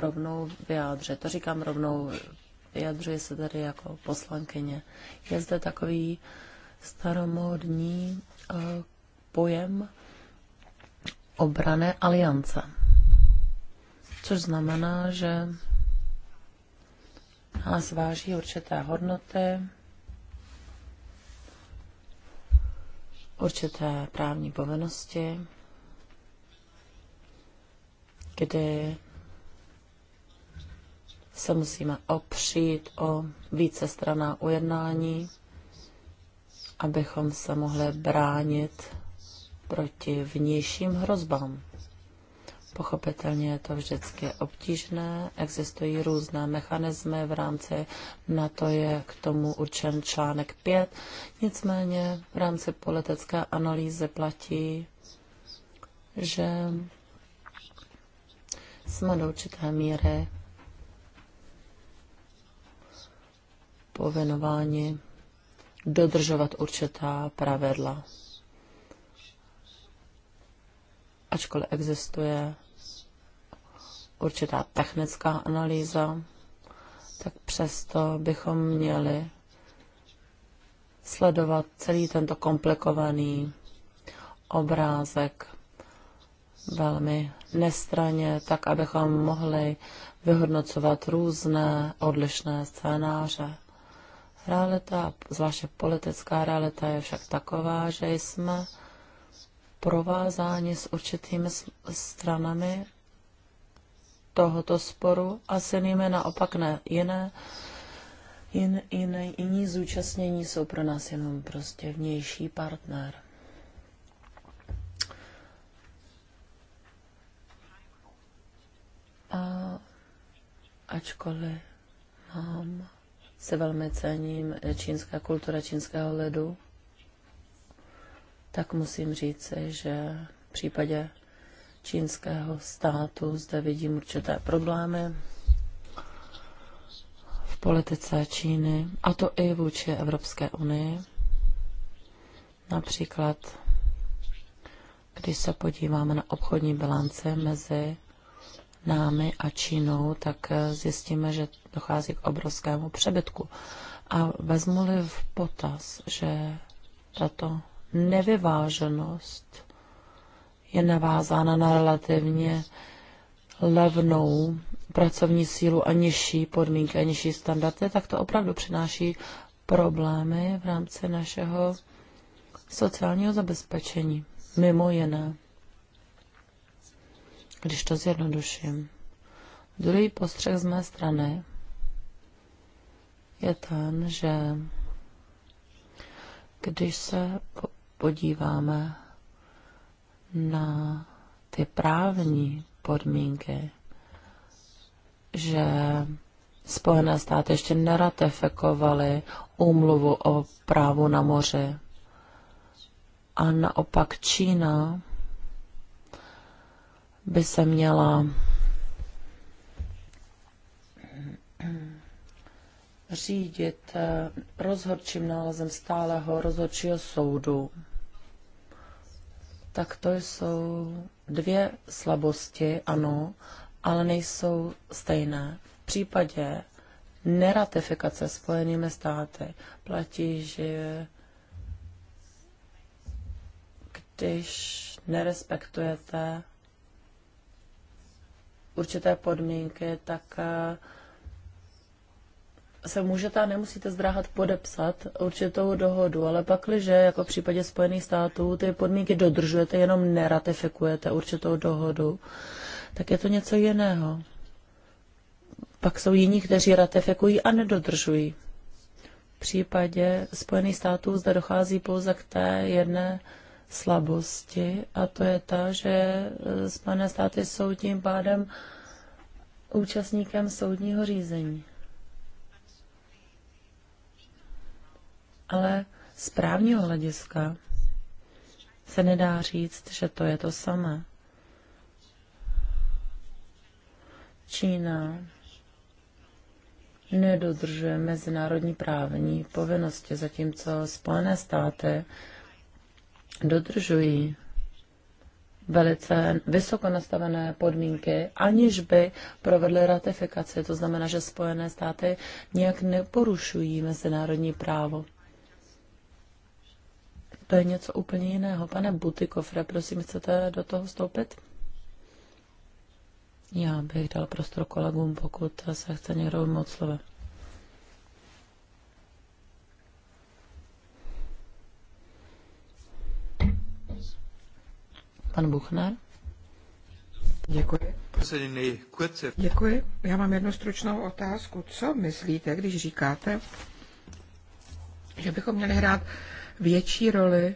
Speaker 4: rovnou vyjádřit. To říkám rovnou, vyjadřuji se tady jako poslankyně. Je zde takový staromódní eh, pojem obrané aliance. Což znamená, že nás váží určité hodnoty, určité právní povinnosti, kdy se musíme opřít o vícestraná ujednání, abychom se mohli bránit proti vnějším hrozbám. Pochopitelně je to vždycky obtížné, existují různé mechanismy v rámci na to je k tomu určen článek 5, nicméně v rámci politické analýzy platí, že jsme do určité míry povinováni dodržovat určitá pravidla. Ačkoliv existuje určitá technická analýza, tak přesto bychom měli sledovat celý tento komplikovaný obrázek velmi nestraně, tak abychom mohli vyhodnocovat různé odlišné scénáře. Realita, zvláště politická realita, je však taková, že jsme provázáni s určitými stranami tohoto sporu a s jinými naopak ne. Jiné, jin, jiné, jiní zúčastnění jsou pro nás jenom prostě vnější partner. A ačkoliv mám se velmi cením čínská kultura čínského ledu, tak musím říct, že v případě čínského státu zde vidím určité problémy v politice Číny, a to i vůči Evropské unii. Například, když se podíváme na obchodní bilance mezi námi a Čínou, tak eh, zjistíme, že dochází k obrovskému přebytku. A vezmu-li v potaz, že tato nevyváženost je navázána na relativně levnou pracovní sílu a nižší podmínky a nižší standardy, tak to opravdu přináší problémy v rámci našeho sociálního zabezpečení. Mimo jiné když to zjednoduším. Druhý postřeh z mé strany je ten, že když se podíváme na ty právní podmínky, že Spojené státy ještě neratifikovaly úmluvu o právu na moři. A naopak Čína by se měla řídit eh, rozhodčím nálezem stáleho rozhodčího soudu, tak to jsou dvě slabosti, ano, ale nejsou stejné. V případě neratifikace Spojenými státy platí, že když nerespektujete určité podmínky, tak eh, se můžete a nemusíte zdráhat podepsat určitou dohodu, ale pakliže, jako v případě Spojených států, ty podmínky dodržujete, jenom neratifikujete určitou dohodu, tak je to něco jiného. Pak jsou jiní, kteří ratifikují a nedodržují. V případě Spojených států zde dochází pouze k té jedné slabosti a to je ta, že e, Spojené státy jsou tím pádem účastníkem soudního řízení. Ale z právního hlediska se nedá říct, že to je to samé. Čína nedodržuje mezinárodní právní povinnosti, zatímco Spojené státy dodržují velice vysoko nastavené podmínky, aniž by provedly ratifikaci. To znamená, že Spojené státy nějak neporušují mezinárodní právo. To je něco úplně jiného. Pane Butikofre, prosím, chcete do toho vstoupit? Já bych dal prostor kolegům, pokud se chce někdo moc slova. Pan Buchner.
Speaker 2: Děkuji. Děkuji. Já mám jednu stručnou otázku. Co myslíte, když říkáte, že bychom měli hrát větší roli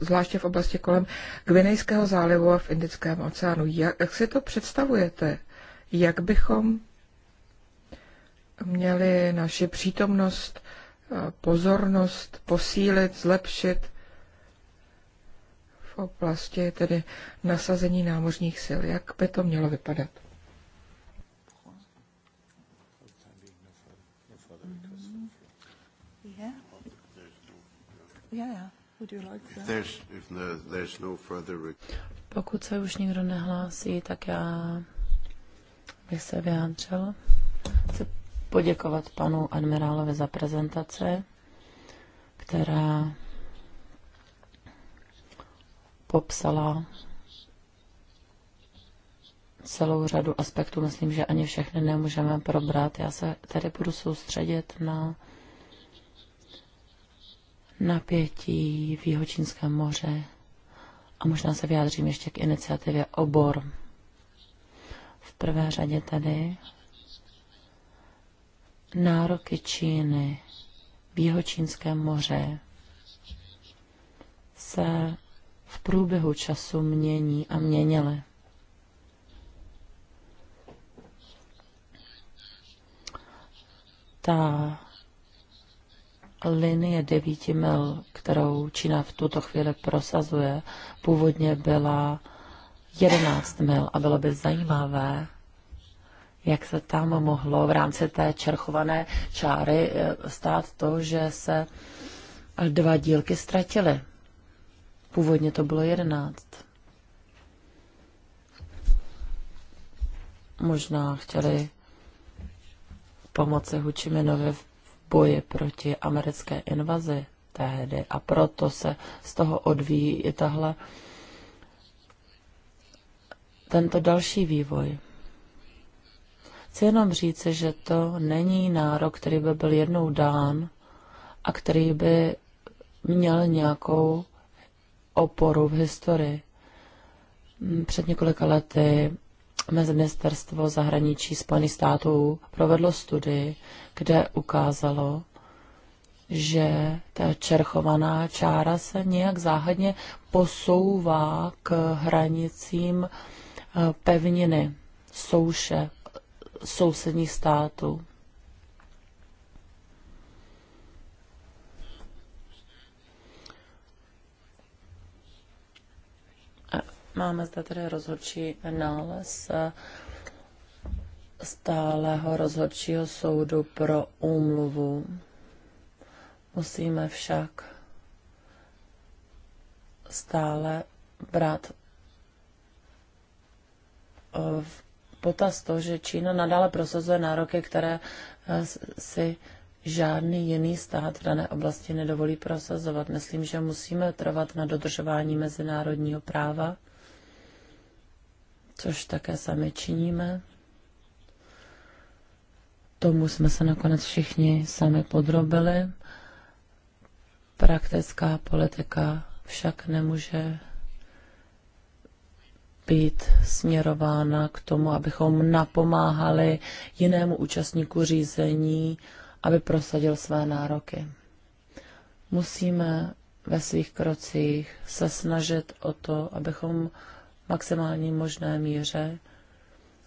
Speaker 2: zvláště v oblasti kolem Gvinejského zálivu a v Indickém oceánu. Jak, jak si to představujete? Jak bychom měli naši přítomnost pozornost posílit, zlepšit v oblasti tedy nasazení námořních sil. Jak by to mělo vypadat?
Speaker 4: No, no Pokud se už nikdo nehlásí, tak já bych se vyjádřil. Chci poděkovat panu admirálovi za prezentaci, která popsala celou řadu aspektů. Myslím, že ani všechny nemůžeme probrat. Já se tady budu soustředit na napětí v Jihočínském moře a možná se vyjádřím ještě k iniciativě Obor. V prvé řadě tady nároky Číny v Jihočínském moře se v průběhu času mění a měnily. Ta linie devíti mil, kterou Čína v tuto chvíli prosazuje, původně byla 11 mil a bylo by zajímavé jak se tam mohlo v rámci té čerchované čáry eh, stát to, že se dva dílky ztratily. Původně to bylo jedenáct. Možná chtěli pomoci Hučiminovi v boji proti americké invazi tehdy a proto se z toho odvíjí i tahle tento další vývoj. Chci jenom říci, že to není nárok, který by byl jednou dán a který by měl nějakou oporu v historii. Mm, před několika lety Ministerstvo zahraničí Spojených států provedlo studii, kde ukázalo, že ta čerchovaná čára se nějak záhadně posouvá k hranicím eh, pevniny, souše sousedních států. Máme zde tedy rozhodčí nález eh, stáleho rozhodčího soudu pro úmluvu. Musíme však stále brát eh, v potaz to, že Čína nadále prosazuje nároky, které eh, si žádný jiný stát v dané oblasti nedovolí prosazovat. Myslím, že musíme trvat na dodržování mezinárodního práva, což také sami činíme. Tomu jsme se nakonec všichni sami podrobili. Praktická politika však nemůže být směrována k tomu, abychom napomáhali jinému účastníku řízení, aby prosadil své nároky. Musíme ve svých krocích se snažit o to, abychom v maximální možné míře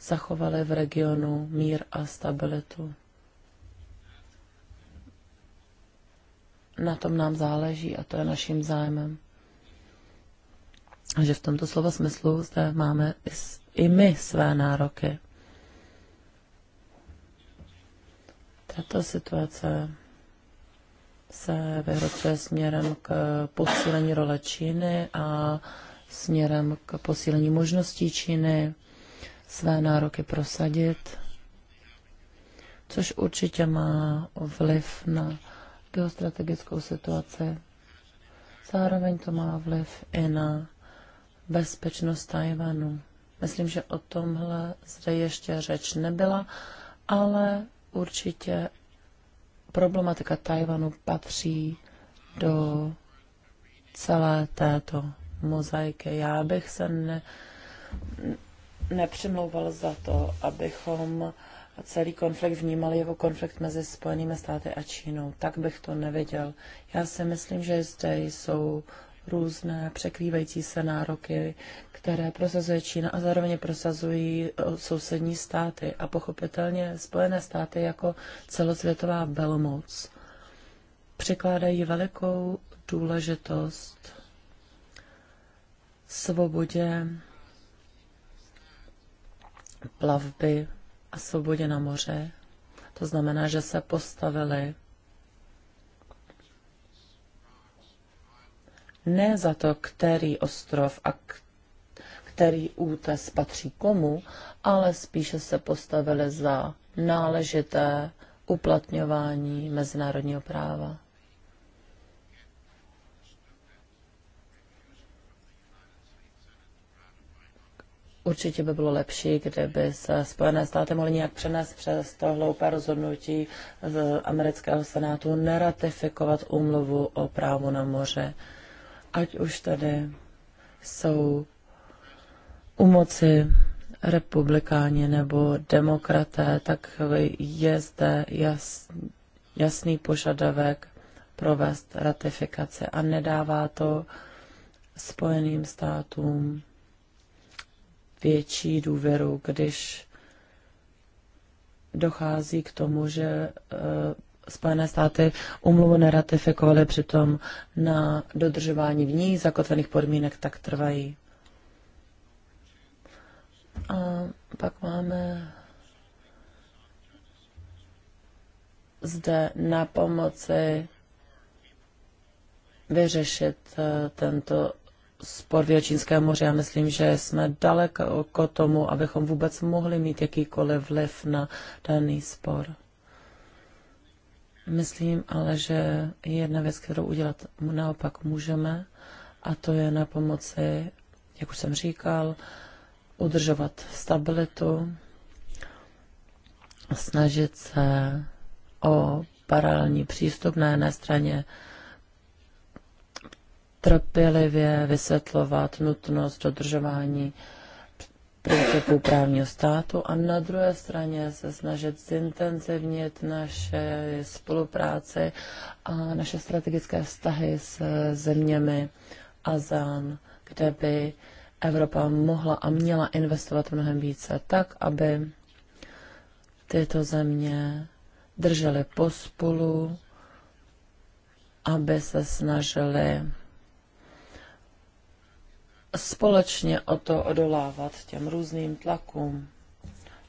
Speaker 4: zachovali v regionu mír a stabilitu. Na tom nám záleží a to je naším zájmem že v tomto slova smyslu zde máme i my své nároky. Tato situace se vyhrocuje směrem k posílení role Číny a směrem k posílení možností Číny své nároky prosadit, což určitě má vliv na geostrategickou situaci. Zároveň to má vliv i na bezpečnost Tajvanu. Myslím, že o tomhle zde ještě řeč nebyla, ale určitě problematika Tajvanu patří do celé této mozaiky. Já bych se ne, nepřimlouval za to, abychom celý konflikt vnímali jako konflikt mezi Spojenými státy a Čínou. Tak bych to neviděl. Já si myslím, že zde jsou různé překrývající se nároky, které prosazuje Čína a zároveň prosazují eh, sousední státy a pochopitelně Spojené státy jako celosvětová velmoc překládají velikou důležitost svobodě plavby a svobodě na moře. To znamená, že se postavili ne za to, který ostrov a který útes patří komu, ale spíše se postavili za náležité uplatňování mezinárodního práva. Určitě by bylo lepší, kdyby se Spojené státy mohly nějak přenést přes to hloupé rozhodnutí z amerického senátu neratifikovat úmluvu o právu na moře ať už tady jsou u moci republikáni nebo demokraté, tak je zde jasný, jasný požadavek provést ratifikaci a nedává to Spojeným státům větší důvěru, když dochází k tomu, že eh, Spojené státy umluvu neratifikovaly, přitom na dodržování v ní zakotvených podmínek tak trvají. A pak máme zde na pomoci vyřešit eh, tento spor v Jočínském moři. Já myslím, že jsme daleko k tomu, abychom vůbec mohli mít jakýkoliv vliv na daný spor. Myslím ale, že je jedna věc, kterou udělat naopak můžeme, a to je na pomoci, jak už jsem říkal, udržovat stabilitu, snažit se o paralelní přístup na jedné straně, trpělivě vysvětlovat nutnost dodržování principů právního státu a na druhé straně se snažit zintenzivnit naše spolupráce a naše strategické vztahy s zeměmi ASEAN, kde by Evropa mohla a měla investovat mnohem více, tak aby tyto země držely pospolu, aby se snažili společně o to odolávat těm různým tlakům.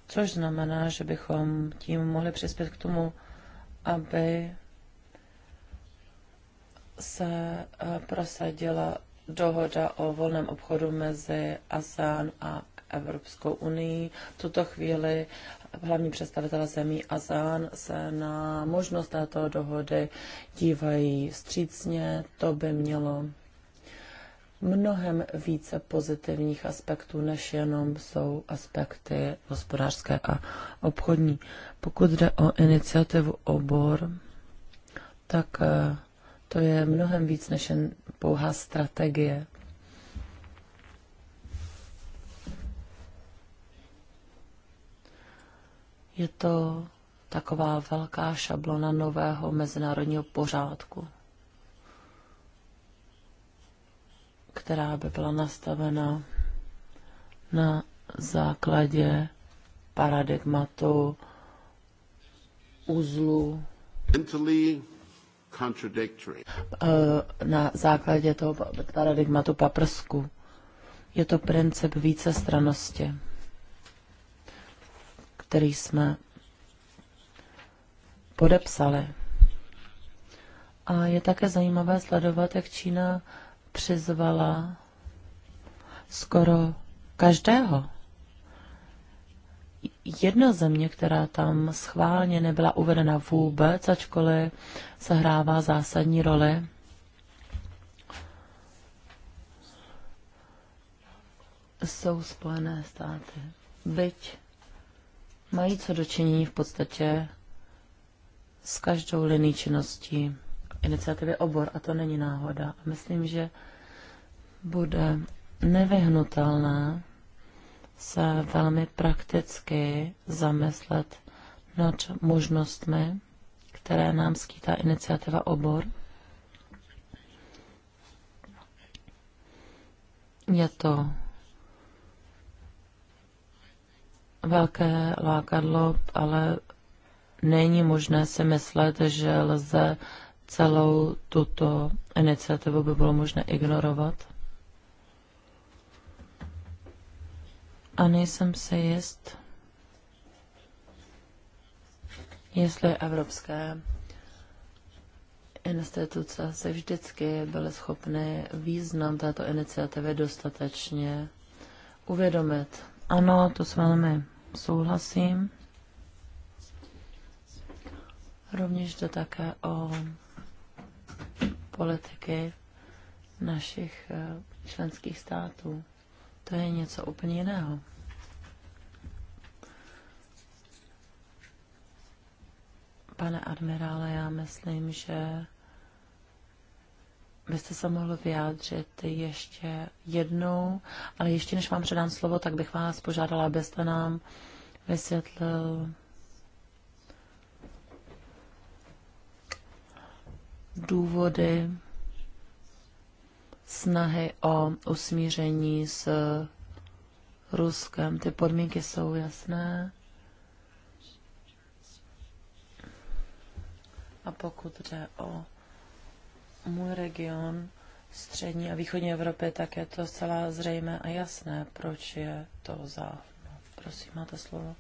Speaker 4: Což znamená, že bychom tím mohli přispět k tomu, aby se eh, prosadila dohoda o volném obchodu mezi ASEAN a Evropskou unii. V tuto chvíli hlavní představitelé zemí ASEAN se na možnost této dohody dívají vstřícně. To by mělo mnohem více pozitivních aspektů, než jenom jsou aspekty hospodářské a obchodní. Pokud jde o iniciativu obor, tak eh, to je mnohem víc než jen pouhá strategie. Je to taková velká šablona nového mezinárodního pořádku. která by byla nastavena na základě paradigmatu uzlu eh, na základě toho paradigmatu paprsku. Je to princip vícestranosti, který jsme podepsali. A je také zajímavé sledovat, jak Čína přizvala skoro každého. Jedna země, která tam schválně nebyla uvedena vůbec, ačkoliv sehrává zásadní roli, jsou Spojené státy. Byť mají co dočinění v podstatě s každou liní činností iniciativy obor a to není náhoda. Myslím, že bude nevyhnutelné se velmi prakticky zamyslet nad možnostmi, které nám skýtá iniciativa Obor. Je to velké lákadlo, ale není možné si myslet, že lze celou tuto iniciativu by bylo možné ignorovat. a nejsem se jist, jestli evropské instituce se vždycky byly schopny význam této iniciativy dostatečně uvědomit. Ano, to s vámi souhlasím. Rovněž jde také o politiky našich eh, členských států. To je něco úplně jiného. Pane admirále, já myslím, že byste se mohl vyjádřit ještě jednou, ale ještě než vám předám slovo, tak bych vás požádala, abyste nám vysvětlil důvody snahy o usmíření s Ruskem. Ty podmínky jsou jasné. A pokud jde o můj region, střední a východní Evropy, tak je to zcela zřejmé a jasné, proč je to za. No, prosím, máte slovo.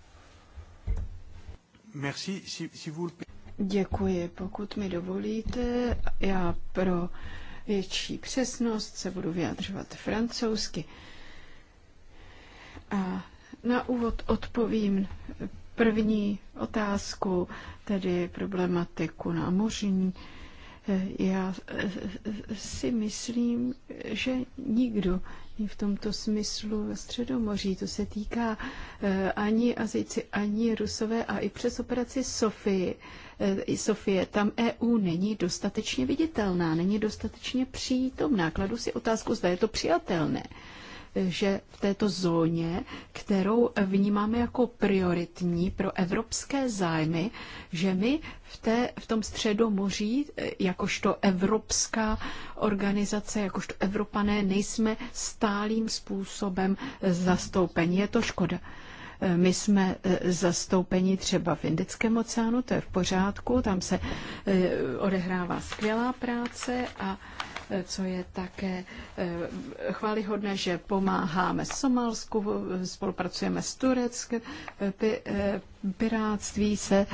Speaker 3: Merci, si, si vous...
Speaker 4: Děkuji. Pokud mi dovolíte,
Speaker 1: já pro větší přesnost se budu vyjadřovat francouzsky. A na úvod odpovím první otázku, tedy problematiku námořní. Já si myslím, že nikdo Vlastně v tomto smyslu ve Středomoří. To se týká eh, ani Azici, ani Rusové a i přes operaci Sofii. Eh, Sofie, tam EU není dostatečně viditelná, není dostatečně přítomná. Kladu si otázku, zda je to přijatelné že v této zóně, kterou vnímáme jako prioritní pro evropské zájmy, že my v, té, v tom moří, jakožto evropská organizace, jakožto evropané, nejsme stálým způsobem zastoupeni. Je to škoda. My jsme eh, zastoupeni třeba v Indickém oceánu, to je v pořádku, tam se eh, odehrává skvělá práce a co je také eh, chválihodné, že pomáháme Somálsku, spolupracujeme s Tureckem, eh, eh, piráctví se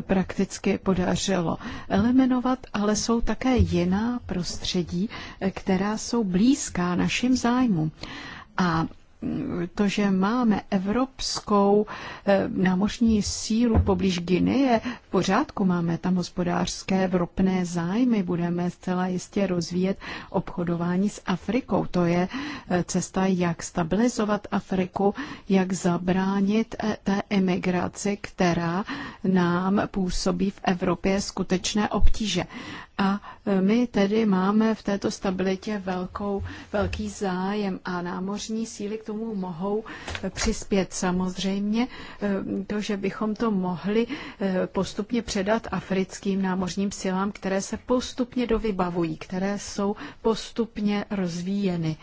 Speaker 1: prakticky podařilo eliminovat, ale jsou také jiná prostředí, která jsou blízká našim zájmům. A to, že máme evropskou eh, námořní sílu poblíž Gineje, v pořádku máme tam hospodářské evropné zájmy, budeme zcela jistě rozvíjet obchodování s Afrikou. To je eh, cesta, jak stabilizovat Afriku, jak zabránit eh, té emigraci, která nám působí v Evropě skutečné obtíže. A e, my tedy máme v této stabilitě velkou, velký zájem a námořní síly k tomu mohou e, přispět. Samozřejmě e, to, že bychom to mohli postupně předat africkým námořním silám, které se postupně dovybavují, které jsou postupně rozvíjeny.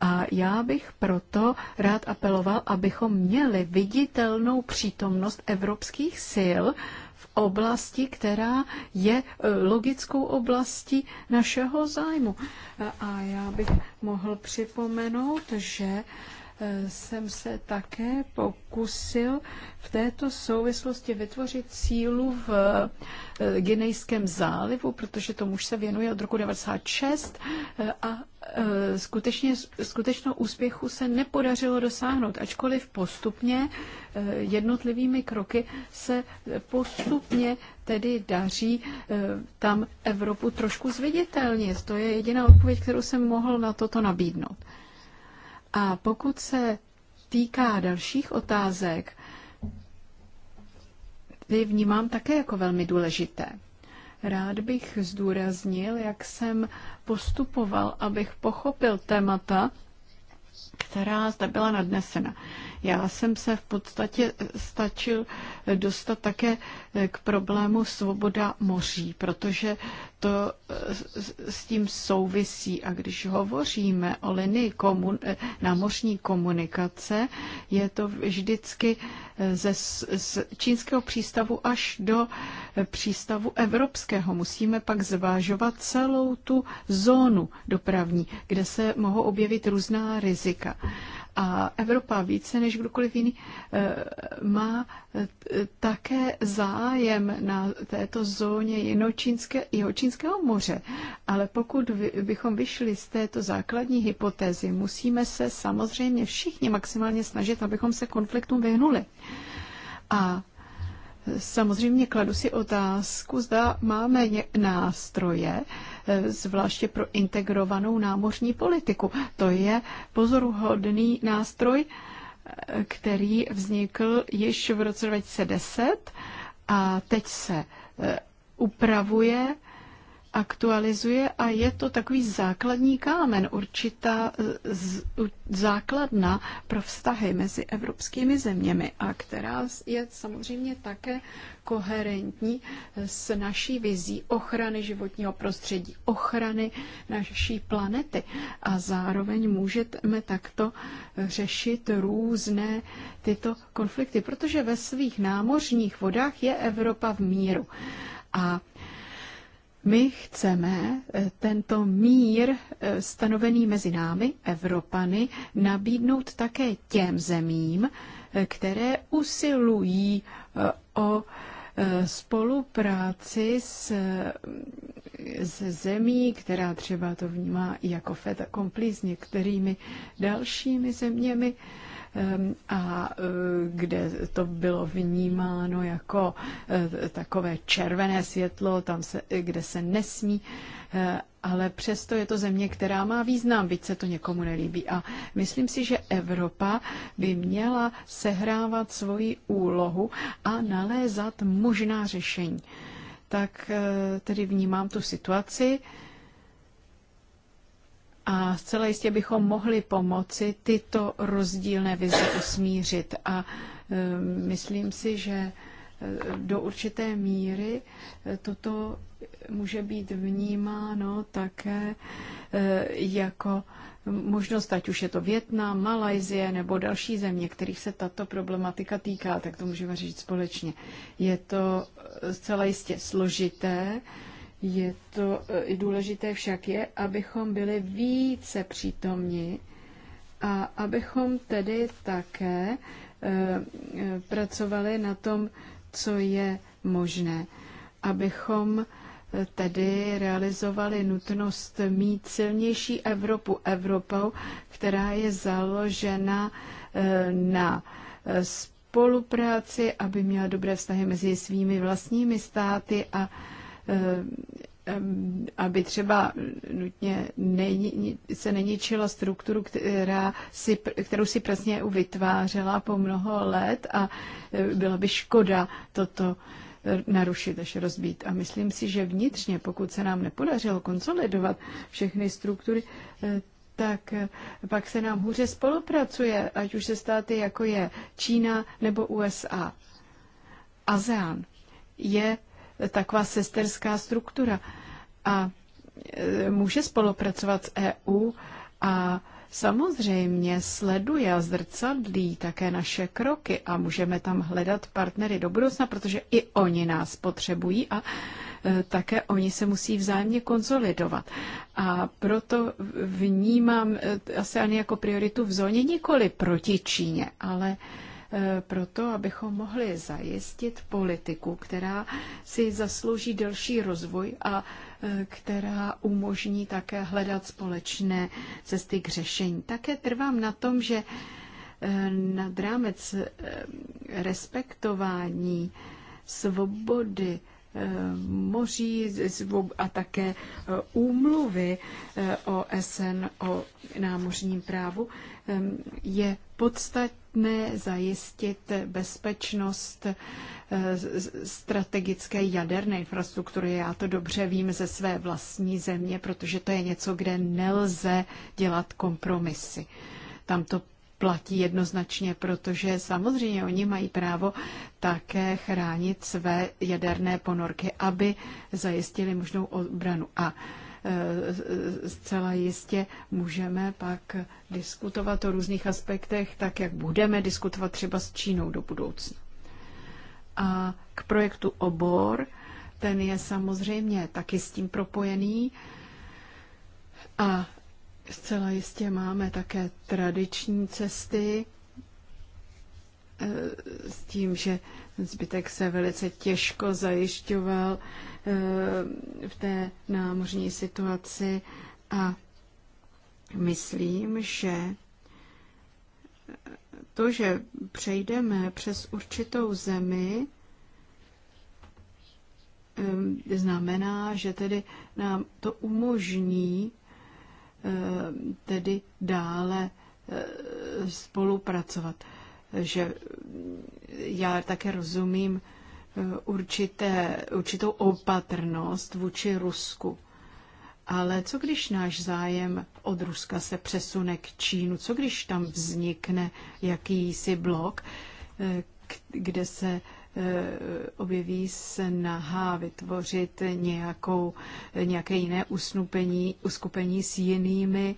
Speaker 1: A já bych proto rád apeloval, abychom měli viditelnou přítomnost evropských sil, oblasti, která je e, logickou oblastí našeho zájmu. E, a já bych mohl připomenout, že e, jsem se také pokusil v této souvislosti vytvořit sílu v Ginejském zálivu, protože tomu už se věnuje od roku 96 a Eh, skutečně, skutečnou úspěchu se nepodařilo dosáhnout, ačkoliv postupně eh, jednotlivými kroky se postupně tedy daří eh, tam Evropu trošku zviditelnit. To je jediná odpověď, kterou jsem mohl na toto nabídnout. A pokud se týká dalších otázek, ty vnímám také jako velmi důležité. Rád bych zdůraznil, jak jsem postupoval, abych pochopil témata, která zde byla nadnesena. Já jsem se v podstatě stačil dostat také k problému svoboda moří, protože to eh, s tím souvisí. A když hovoříme o linii komun, eh, námořní komunikace, je to vždycky eh, ze z čínského přístavu až do přístavu evropského. Musíme pak zvážovat celou tu zónu dopravní, kde se mohou objevit různá rizika. A Evropa více než kdokoliv jiný eh, má eh, také zájem na této zóně jinočínské, Jihočínského moře. Ale pokud bychom vyšli z této základní hypotézy, musíme se samozřejmě všichni maximálně snažit, abychom se konfliktům vyhnuli. A samozřejmě kladu si otázku, zda máme nástroje, zvláště pro integrovanou námořní politiku. To je pozoruhodný nástroj, který vznikl již v roce 2010 a teď se eh, upravuje aktualizuje a je to takový základní kámen, určitá z, základna pro vztahy mezi evropskými zeměmi a která je samozřejmě také koherentní s naší vizí ochrany životního prostředí, ochrany naší planety a zároveň můžeme takto řešit různé tyto konflikty, protože ve svých námořních vodách je Evropa v míru. A my chceme eh, tento mír eh, stanovený mezi námi, Evropany, nabídnout také těm zemím, eh, které usilují o spolupráci s, s zemí, která třeba to vnímá jako feta kompli s některými dalšími zeměmi, a e, kde to bylo vnímáno jako e, takové červené světlo, tam se, kde se nesmí e, ale přesto je to země, která má význam, byť se to někomu nelíbí. A myslím si, že Evropa by měla sehrávat svoji úlohu a nalézat možná řešení. Tak tedy vnímám tu situaci, a zcela jistě bychom mohli pomoci tyto rozdílné vize usmířit. A e, myslím si, že e, do určité míry e, toto může být vnímáno také jako možnost, ať už je to Větnam, Malajzie nebo další země, kterých se tato problematika týká, tak to můžeme říct společně. Je to zcela jistě složité, je to eh, i důležité však je, abychom byli více přítomní a abychom tedy také eh, eh, pracovali na tom, co je možné. Abychom tedy realizovali nutnost mít silnější Evropu, Evropou, která je založena na spolupráci, aby měla dobré vztahy mezi svými vlastními státy a Eh, eh, aby třeba nutně se neničila strukturu, která si, kterou si přesně vytvářela po mnoho let a eh, byla by škoda toto narušit až rozbít. A myslím si, že vnitřně, pokud se nám nepodařilo konsolidovat všechny struktury, tak pak se nám hůře spolupracuje, ať už se státy jako je Čína nebo USA. ASEAN je taková sesterská struktura a e, může spolupracovat s EU a samozřejmě sleduje a zrcadlí také naše kroky a můžeme tam hledat partnery do budoucna, protože i oni nás potřebují a e, také oni se musí vzájemně konsolidovat. A proto vnímám e, asi ani jako prioritu v zóně nikoli proti Číně, ale Eh, proto, abychom mohli zajistit politiku, která si zaslouží delší rozvoj a eh, která umožní také hledat společné cesty k řešení. Také trvám na tom, že eh, nad rámec respektování svobody moří a také úmluvy OSN o námořním právu je podstatně nutné zajistit bezpečnost eh, strategické jaderné infrastruktury. Já to dobře vím ze své vlastní země, protože to je něco, kde nelze dělat kompromisy. Tam to platí jednoznačně, protože samozřejmě oni mají právo také chránit své jaderné ponorky, aby zajistili možnou obranu. A Eh, zcela jistě můžeme pak diskutovat o různých aspektech, tak jak budeme diskutovat třeba s Čínou do budoucna. A k projektu Obor, ten je samozřejmě taky s tím propojený. A zcela jistě máme také tradiční cesty, Eh, s tím, že zbytek se velice těžko zajišťoval eh, v té námořní situaci a myslím, že to, že přejdeme přes určitou zemi, eh, znamená, že tedy nám to umožní tedy dále spolupracovat že já také rozumím eh, určité, určitou opatrnost vůči Rusku. Ale co když náš zájem od Ruska se přesune k Čínu? Co když tam vznikne jakýsi blok, eh, kde se eh, objeví snaha vytvořit nějakou, nějaké jiné usnupení, uskupení s jinými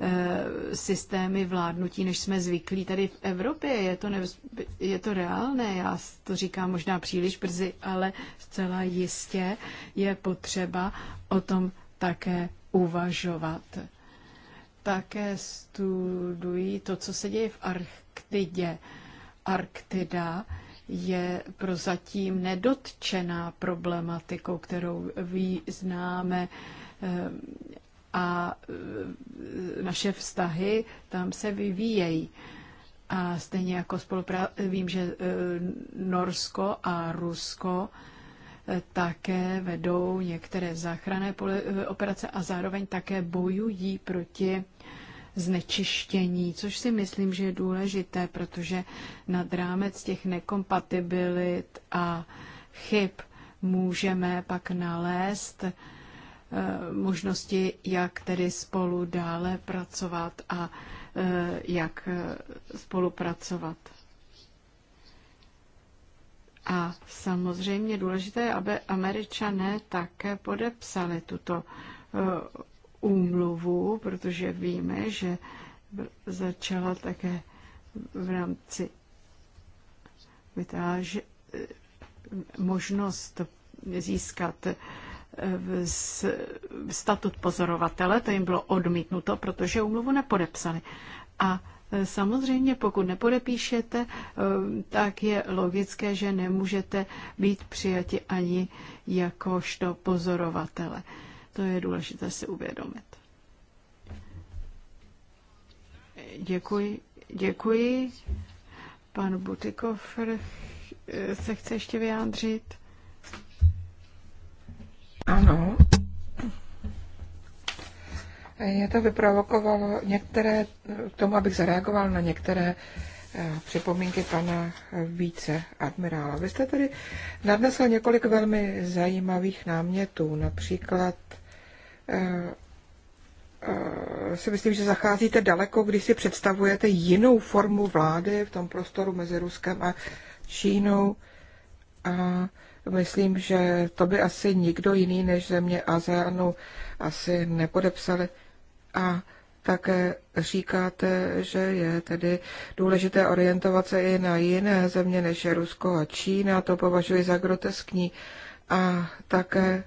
Speaker 1: Eh, systémy vládnutí, než jsme zvyklí tady v Evropě. Je to, nebezpe- je to reálné, já to říkám možná příliš brzy, ale zcela jistě je potřeba o tom také uvažovat. Také studují to, co se děje v Arktidě. Arktida je prozatím nedotčená problematikou, kterou vy známe eh, a e, naše vztahy tam se vyvíjejí. A stejně jako spolupráce, vím, že e, Norsko a Rusko e, také vedou některé záchranné operace a zároveň také bojují proti znečištění, což si myslím, že je důležité, protože nad rámec těch nekompatibilit a chyb můžeme pak nalézt Eh, možnosti, jak tedy spolu dále pracovat a eh, jak eh, spolupracovat. A samozřejmě důležité je, aby američané také podepsali tuto úmluvu, protože víme, že začala také v rámci vytáže možnost získat statut pozorovatele, to jim bylo odmítnuto, protože umluvu nepodepsali. A e, Samozřejmě, pokud nepodepíšete, e, tak je logické, že nemůžete být přijati ani jakožto pozorovatele. To je důležité si uvědomit. Děkuji. Děkuji. Pan Butikov e, se chce ještě vyjádřit.
Speaker 2: Ano. Mě to vyprovokovalo některé, k tomu, abych zareagoval na některé eh, připomínky pana více admirála. Vy jste tady nadnesl několik velmi zajímavých námětů, například eh, eh, si myslím, že zacházíte daleko, když si představujete jinou formu vlády v tom prostoru mezi Ruskem a Čínou. A Myslím, že to by asi nikdo jiný než země ASEANu asi nepodepsali. A také říkáte, že je tedy důležité orientovat se i na jiné země než je Rusko a Čína. To považuji za groteskní. A také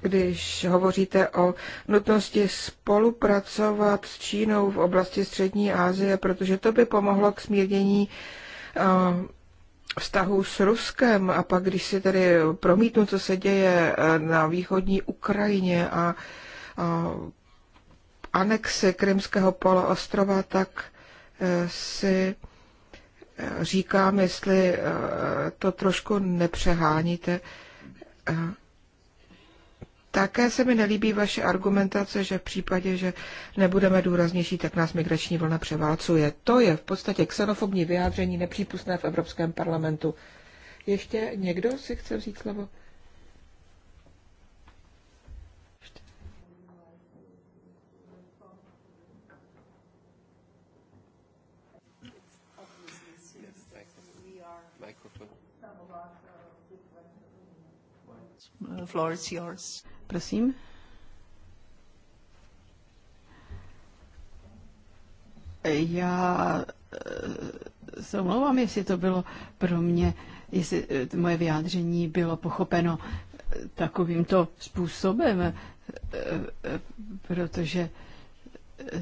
Speaker 2: když hovoříte o nutnosti spolupracovat s Čínou v oblasti Střední Asie, protože to by pomohlo k smírnění vztahu s Ruskem a pak, když si tedy promítnu, co se děje eh, na východní Ukrajině a, a anexe Krymského poloostrova, tak eh, si eh, říkám, jestli to trošku nepřeháníte. Také se mi nelíbí vaše argumentace, že v případě, že nebudeme důraznější, tak nás migrační vlna převálcuje. To je v podstatě xenofobní vyjádření nepřípustné v Evropském parlamentu. Ještě někdo si chce vzít slovo?
Speaker 1: Eh, floor is yours. Prosím. Já eh, se omlouvám, jestli to bylo pro mě, jestli eh, moje vyjádření bylo pochopeno takovýmto způsobem, protože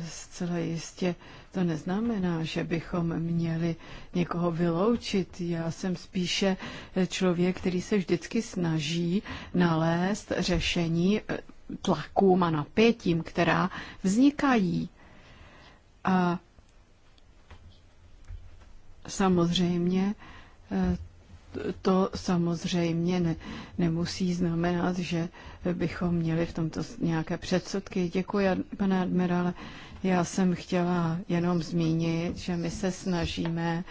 Speaker 1: zcela jistě to neznamená, že bychom měli někoho vyloučit. Já jsem spíše člověk, který se vždycky snaží nalézt řešení eh, tlakům a napětím, která vznikají. A samozřejmě eh, to samozřejmě ne, nemusí znamenat, že bychom měli v tomto nějaké předsudky. Děkuji, pane admirále. Já jsem chtěla jenom zmínit, že my se snažíme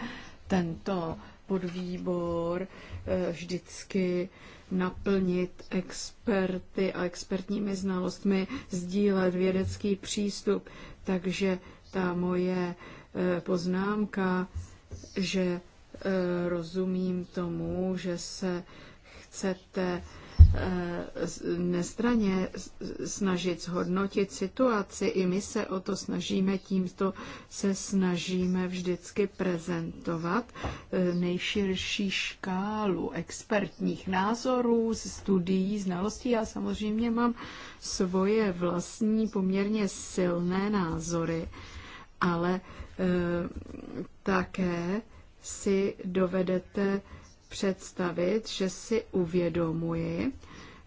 Speaker 1: tento podvýbor eh, vždycky naplnit experty a expertními znalostmi, sdílet vědecký přístup. Takže ta moje eh, poznámka, že eh, rozumím tomu, že se chcete nestraně snažit zhodnotit situaci. I my se o to snažíme, tímto se snažíme vždycky prezentovat eh, nejširší škálu expertních názorů, studií, znalostí. Já samozřejmě mám svoje vlastní poměrně silné názory, ale eh, také si dovedete představit, že si uvědomuji,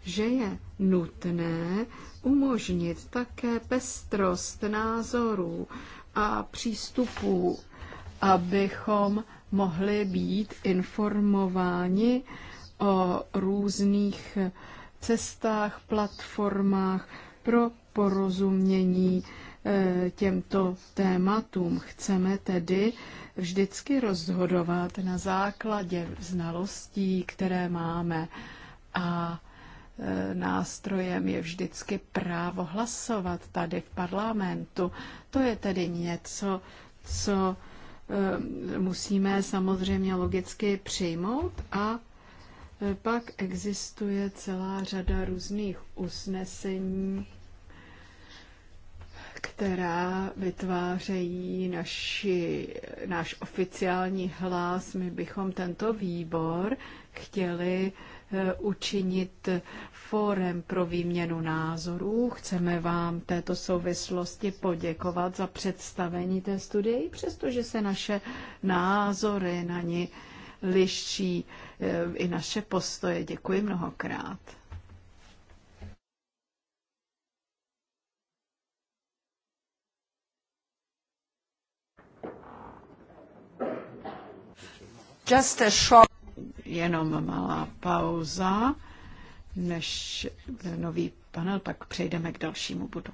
Speaker 1: že je nutné umožnit také pestrost názorů a přístupů, abychom mohli být informováni o různých cestách, platformách pro porozumění Eh, těmto tématům. Chceme tedy vždycky rozhodovat na základě znalostí, které máme a eh, nástrojem je vždycky právo hlasovat tady v parlamentu. To je tedy něco, co eh, musíme samozřejmě logicky přijmout a pak existuje celá řada různých usnesení, která vytvářejí naši, náš oficiální hlas. My bychom tento výbor chtěli eh, učinit fórem pro výměnu názorů. Chceme vám této souvislosti poděkovat za představení té studie, přestože se naše názory na ní liší eh, i naše postoje. Děkuji mnohokrát. Just a short... Jenom malá pauza, než nový panel, pak přejdeme k dalšímu bodu.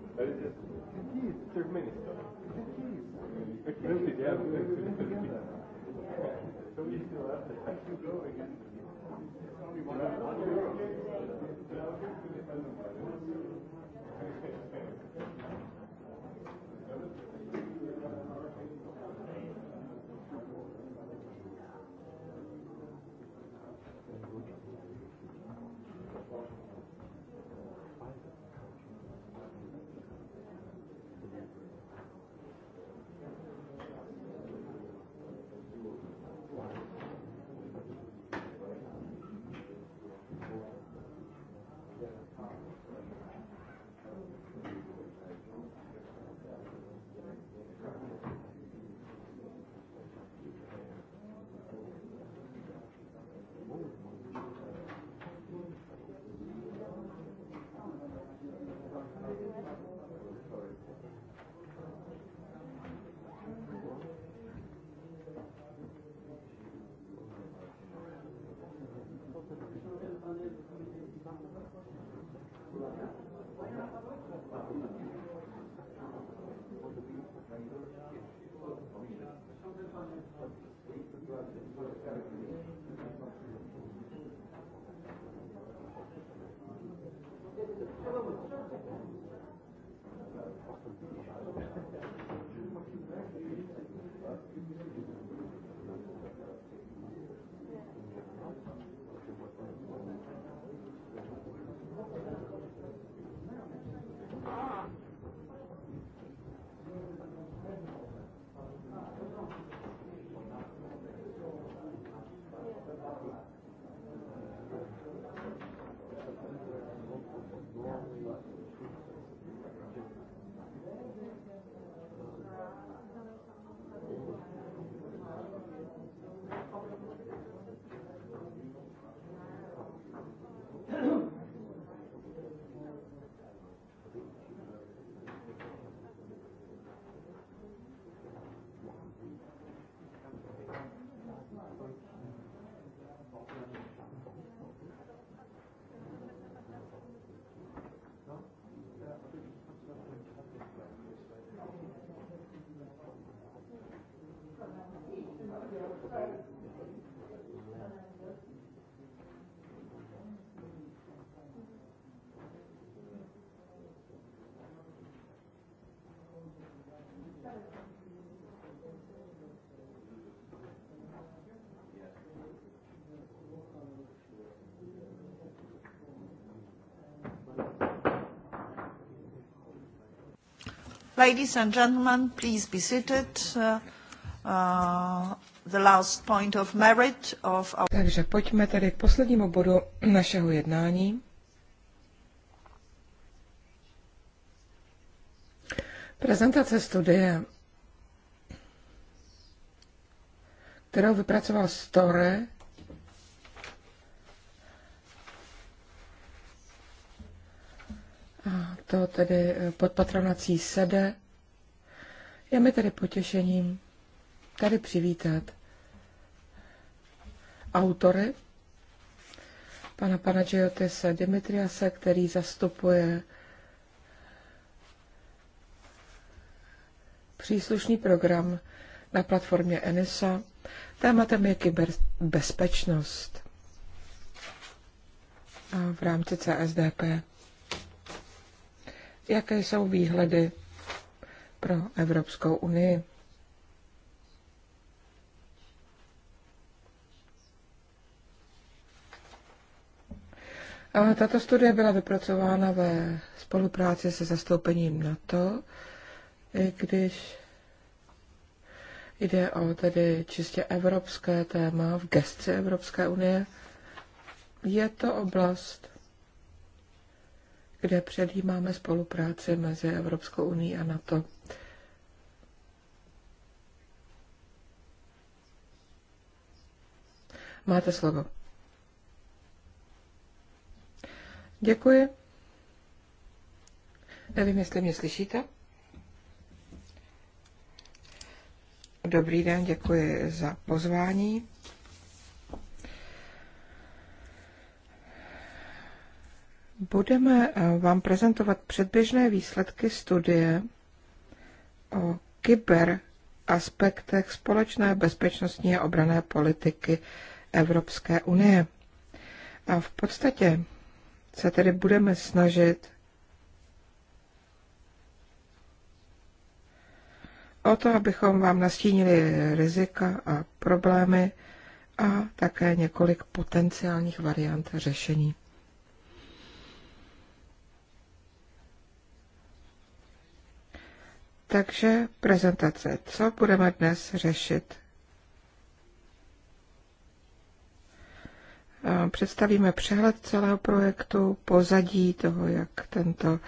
Speaker 3: Какие из Туркменистан? Какие из? Подожди, я Tell me, you still have to. How you going?
Speaker 1: Ladies and gentlemen, please be seated. Uh, uh, the last point of merit of our... Takže
Speaker 2: pojďme tedy k poslednímu bodu našeho jednání. Prezentace studie, kterou vypracoval Store to tedy eh, pod patronací sede. Je mi tedy potěšením tady přivítat autory, pana Panagiotisa Dimitriase, který zastupuje příslušný program na platformě ENISA. Tématem je kyberbezpečnost v rámci CSDP jaké jsou výhledy pro Evropskou unii. Tato studie byla vypracována ve spolupráci se zastoupením NATO, i když jde o tedy čistě evropské téma v gestci Evropské unie. Je to oblast, kde předjímáme spolupráci mezi Evropskou uní a NATO. Máte slovo. Děkuji. Nevím, jestli mě slyšíte. Dobrý den, děkuji za pozvání. Budeme eh, vám prezentovat předběžné výsledky studie o kyber aspektech společné bezpečnostní a obrané politiky Evropské unie. A v podstatě se tedy budeme snažit o to, abychom vám nastínili rizika a problémy a také několik potenciálních variant řešení. Takže prezentace. Co budeme dnes řešit? Představíme přehled celého projektu, pozadí toho, jak tento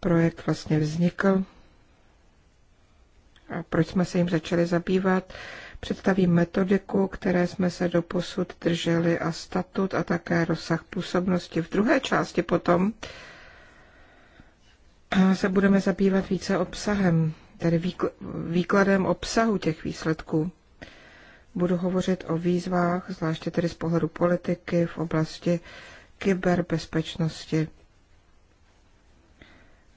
Speaker 2: projekt vlastně vznikl a proč jsme se jim začali zabývat. Představím metodiku, které jsme se do posud drželi a statut a také rozsah působnosti. V druhé části potom se budeme zabývat více obsahem, tedy výkladem obsahu těch výsledků. Budu hovořit o výzvách, zvláště tedy z pohledu politiky v oblasti kyberbezpečnosti.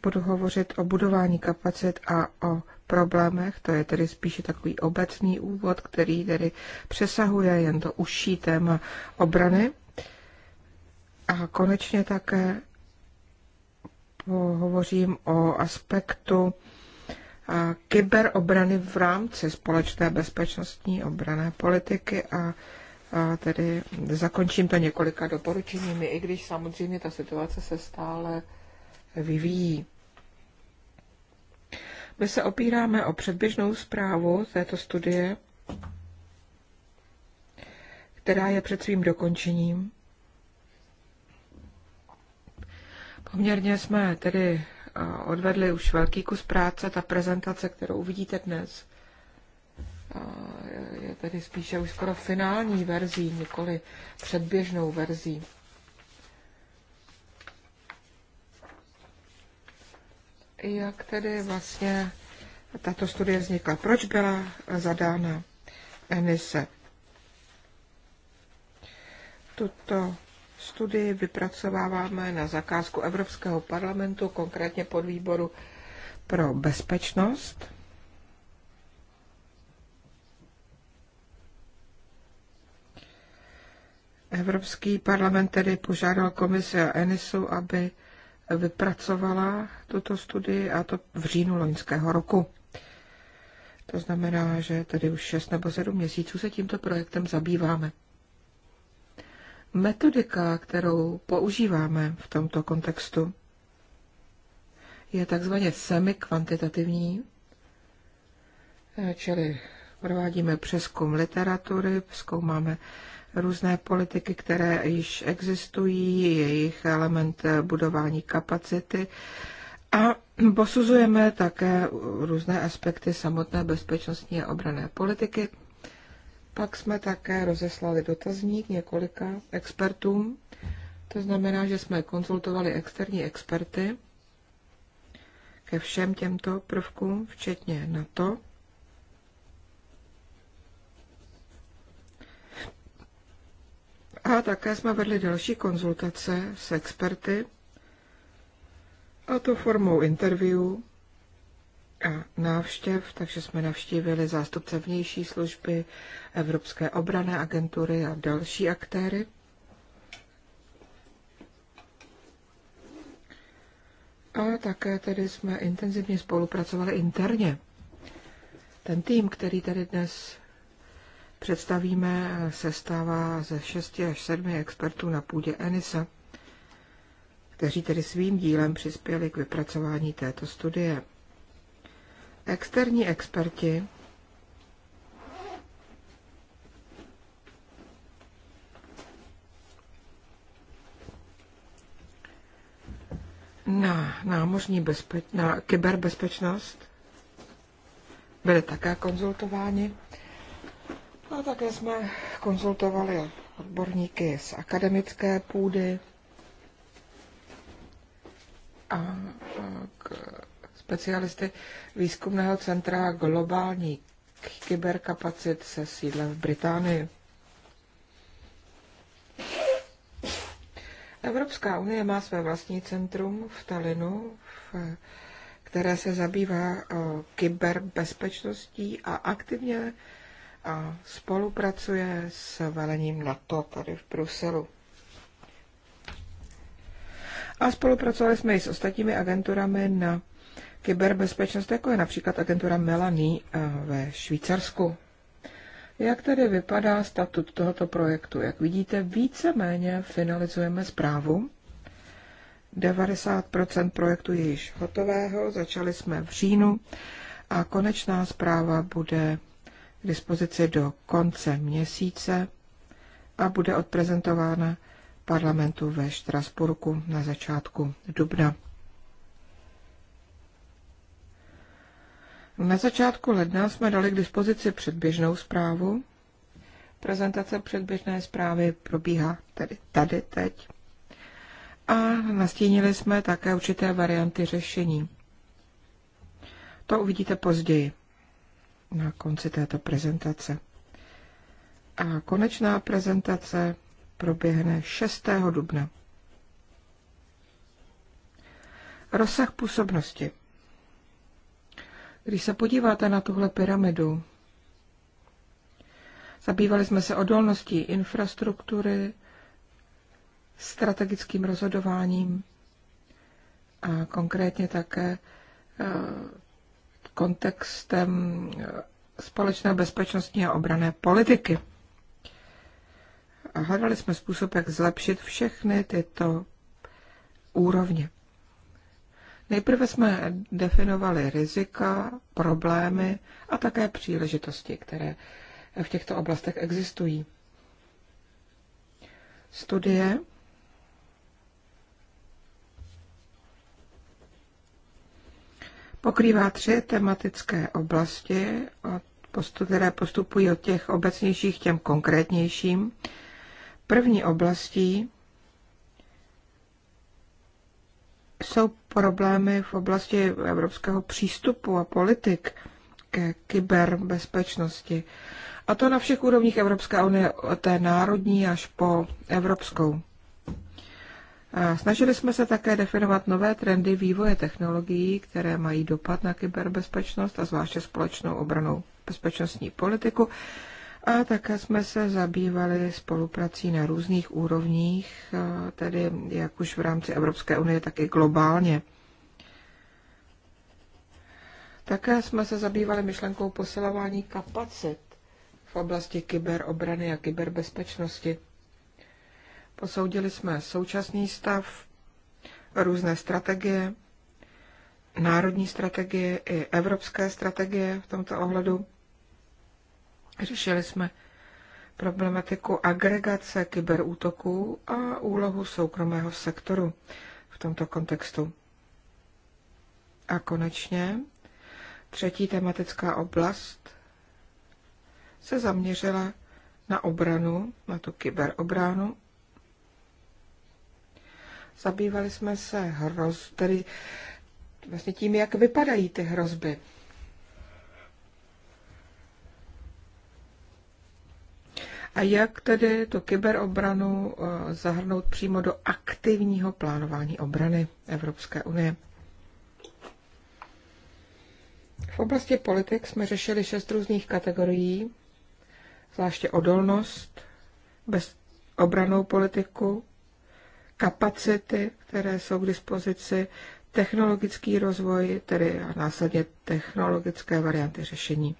Speaker 2: Budu hovořit o budování kapacit a o problémech, to je tedy spíše takový obecný úvod, který tedy přesahuje jen to užší téma obrany. A konečně také hovořím o aspektu kyberobrany v rámci společné bezpečnostní obrané politiky a a tedy zakončím to několika doporučeními, i když samozřejmě ta situace se stále vyvíjí. My se opíráme o předběžnou zprávu této studie, která je před svým dokončením. Poměrně jsme tedy odvedli už velký kus práce. Ta prezentace, kterou uvidíte dnes, je tedy spíše už skoro finální verzí, nikoli předběžnou verzí. Jak tedy vlastně tato studie vznikla? Proč byla zadána ENISE? Tuto studii vypracováváme na zakázku Evropského parlamentu, konkrétně pod výboru pro bezpečnost. Evropský parlament tedy požádal komisi a ENISu, aby vypracovala tuto studii a to v říjnu loňského roku. To znamená, že tedy už 6 nebo 7 měsíců se tímto projektem zabýváme. Metodika, kterou používáme v tomto kontextu, je takzvaně semikvantitativní, eh, čili provádíme přeskum literatury, zkoumáme různé politiky, které již existují, jejich element budování kapacity a posuzujeme také různé aspekty samotné bezpečnostní a obrané politiky. Pak jsme také rozeslali dotazník několika expertům. To znamená, že jsme konzultovali externí experty ke všem těmto prvkům, včetně NATO. A také jsme vedli další konzultace s experty, a to formou interview návštěv, takže jsme navštívili zástupce vnější služby, Evropské obrané agentury a další aktéry. A také tedy jsme intenzivně spolupracovali interně. Ten tým, který tady dnes představíme, se stává ze 6 až 7 expertů na půdě ENISA, kteří tedy svým dílem přispěli k vypracování této studie externí experti na námořní bezpeč, na kyberbezpečnost byli také konzultováni. A také jsme konzultovali odborníky z akademické půdy a k specialisty výzkumného centra globální kyberkapacit se sídlem v Británii. Evropská unie má své vlastní centrum v Talinu, v, které se zabývá kyberbezpečností a aktivně a spolupracuje s velením NATO tady v Bruselu. A spolupracovali jsme i s ostatními agenturami na kyberbezpečnost, jako je například agentura Melanie eh, ve Švýcarsku. Jak tedy vypadá statut tohoto projektu? Jak vidíte, víceméně finalizujeme zprávu. 90 projektu je již hotového, začali jsme v říjnu a konečná zpráva bude k dispozici do konce měsíce a bude odprezentována parlamentu ve Štrasburku na začátku dubna. Na začátku ledna jsme dali k dispozici předběžnou zprávu. Prezentace předběžné zprávy probíhá tedy tady teď. A nastínili jsme také určité varianty řešení. To uvidíte později, na konci této prezentace. A konečná prezentace proběhne 6. dubna. Rozsah působnosti. Když se podíváte na tuhle pyramidu, zabývali jsme se odolností infrastruktury, strategickým rozhodováním a konkrétně také eh, kontextem eh, společné bezpečnostní a obrané politiky. A hledali jsme způsob, jak zlepšit všechny tyto úrovně. Nejprve jsme definovali rizika, problémy a také příležitosti, které v těchto oblastech existují. Studie pokrývá tři tematické oblasti, které postupují od těch obecnějších těm konkrétnějším. První oblastí jsou problémy v oblasti evropského přístupu a politik ke kyberbezpečnosti. A to na všech úrovních Evropské unie, od té národní až po evropskou. snažili jsme se také definovat nové trendy vývoje technologií, které mají dopad na kyberbezpečnost a zvláště společnou obranou bezpečnostní politiku. A také jsme se zabývali spoluprací na různých úrovních, tedy jak už v rámci Evropské unie, tak i globálně. Také jsme se zabývali myšlenkou posilování kapacit v oblasti kyberobrany a kyberbezpečnosti. Posoudili jsme současný stav, různé strategie, národní strategie i evropské strategie v tomto ohledu. Řešili jsme problematiku agregace kyberútoků a úlohu soukromého sektoru v tomto kontextu. A konečně třetí tematická oblast se zaměřila na obranu, na tu kyberobranu. Zabývali jsme se hroz, tedy vlastně tím, jak vypadají ty hrozby A jak tedy tu kyberobranu eh, zahrnout přímo do aktivního plánování obrany Evropské unie? V oblasti politik jsme řešili šest různých kategorií, zvláště odolnost, bez obranou politiku, kapacity, které jsou k dispozici, technologický rozvoj, tedy a následně technologické varianty řešení.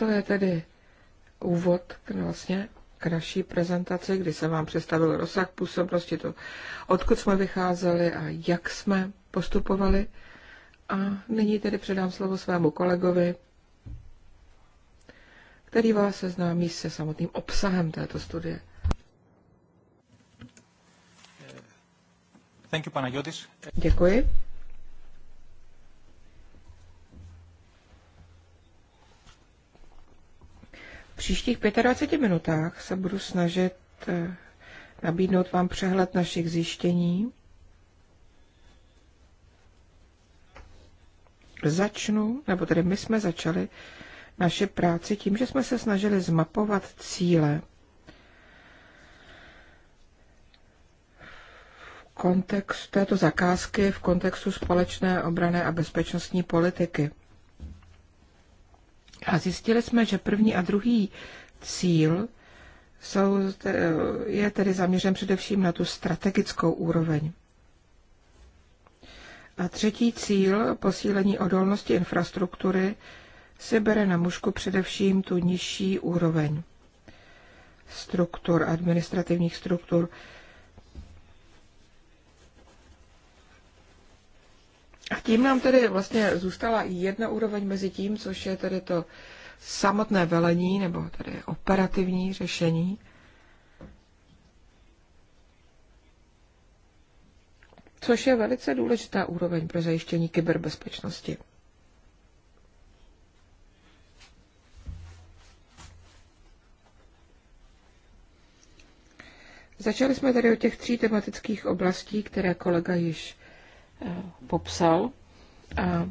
Speaker 2: To je tedy úvod k, vlastně, k naší prezentaci, kdy jsem vám představil rozsah působnosti, to, odkud jsme vycházeli a jak jsme postupovali. A nyní tedy předám slovo svému kolegovi, který vás seznámí se samotným obsahem této studie.
Speaker 3: Thank you, Panayotis.
Speaker 2: Děkuji. příštích 25 minutách se budu snažit eh, nabídnout vám přehled našich zjištění. Začnu, nebo tedy my jsme začali naše práci tím, že jsme se snažili zmapovat cíle v kontextu této zakázky, v kontextu společné obrané a bezpečnostní politiky. A zjistili jsme, že první a druhý cíl jsou, je tedy zaměřen především na tu strategickou úroveň. A třetí cíl, posílení odolnosti infrastruktury, si bere na mužku především tu nižší úroveň struktur, administrativních struktur, A tím nám tedy vlastně zůstala jedna úroveň mezi tím, což je tedy to samotné velení, nebo tedy operativní řešení. Což je velice důležitá úroveň pro zajištění kyberbezpečnosti. Začali jsme tady o těch tří tematických oblastí, které kolega již popsal. A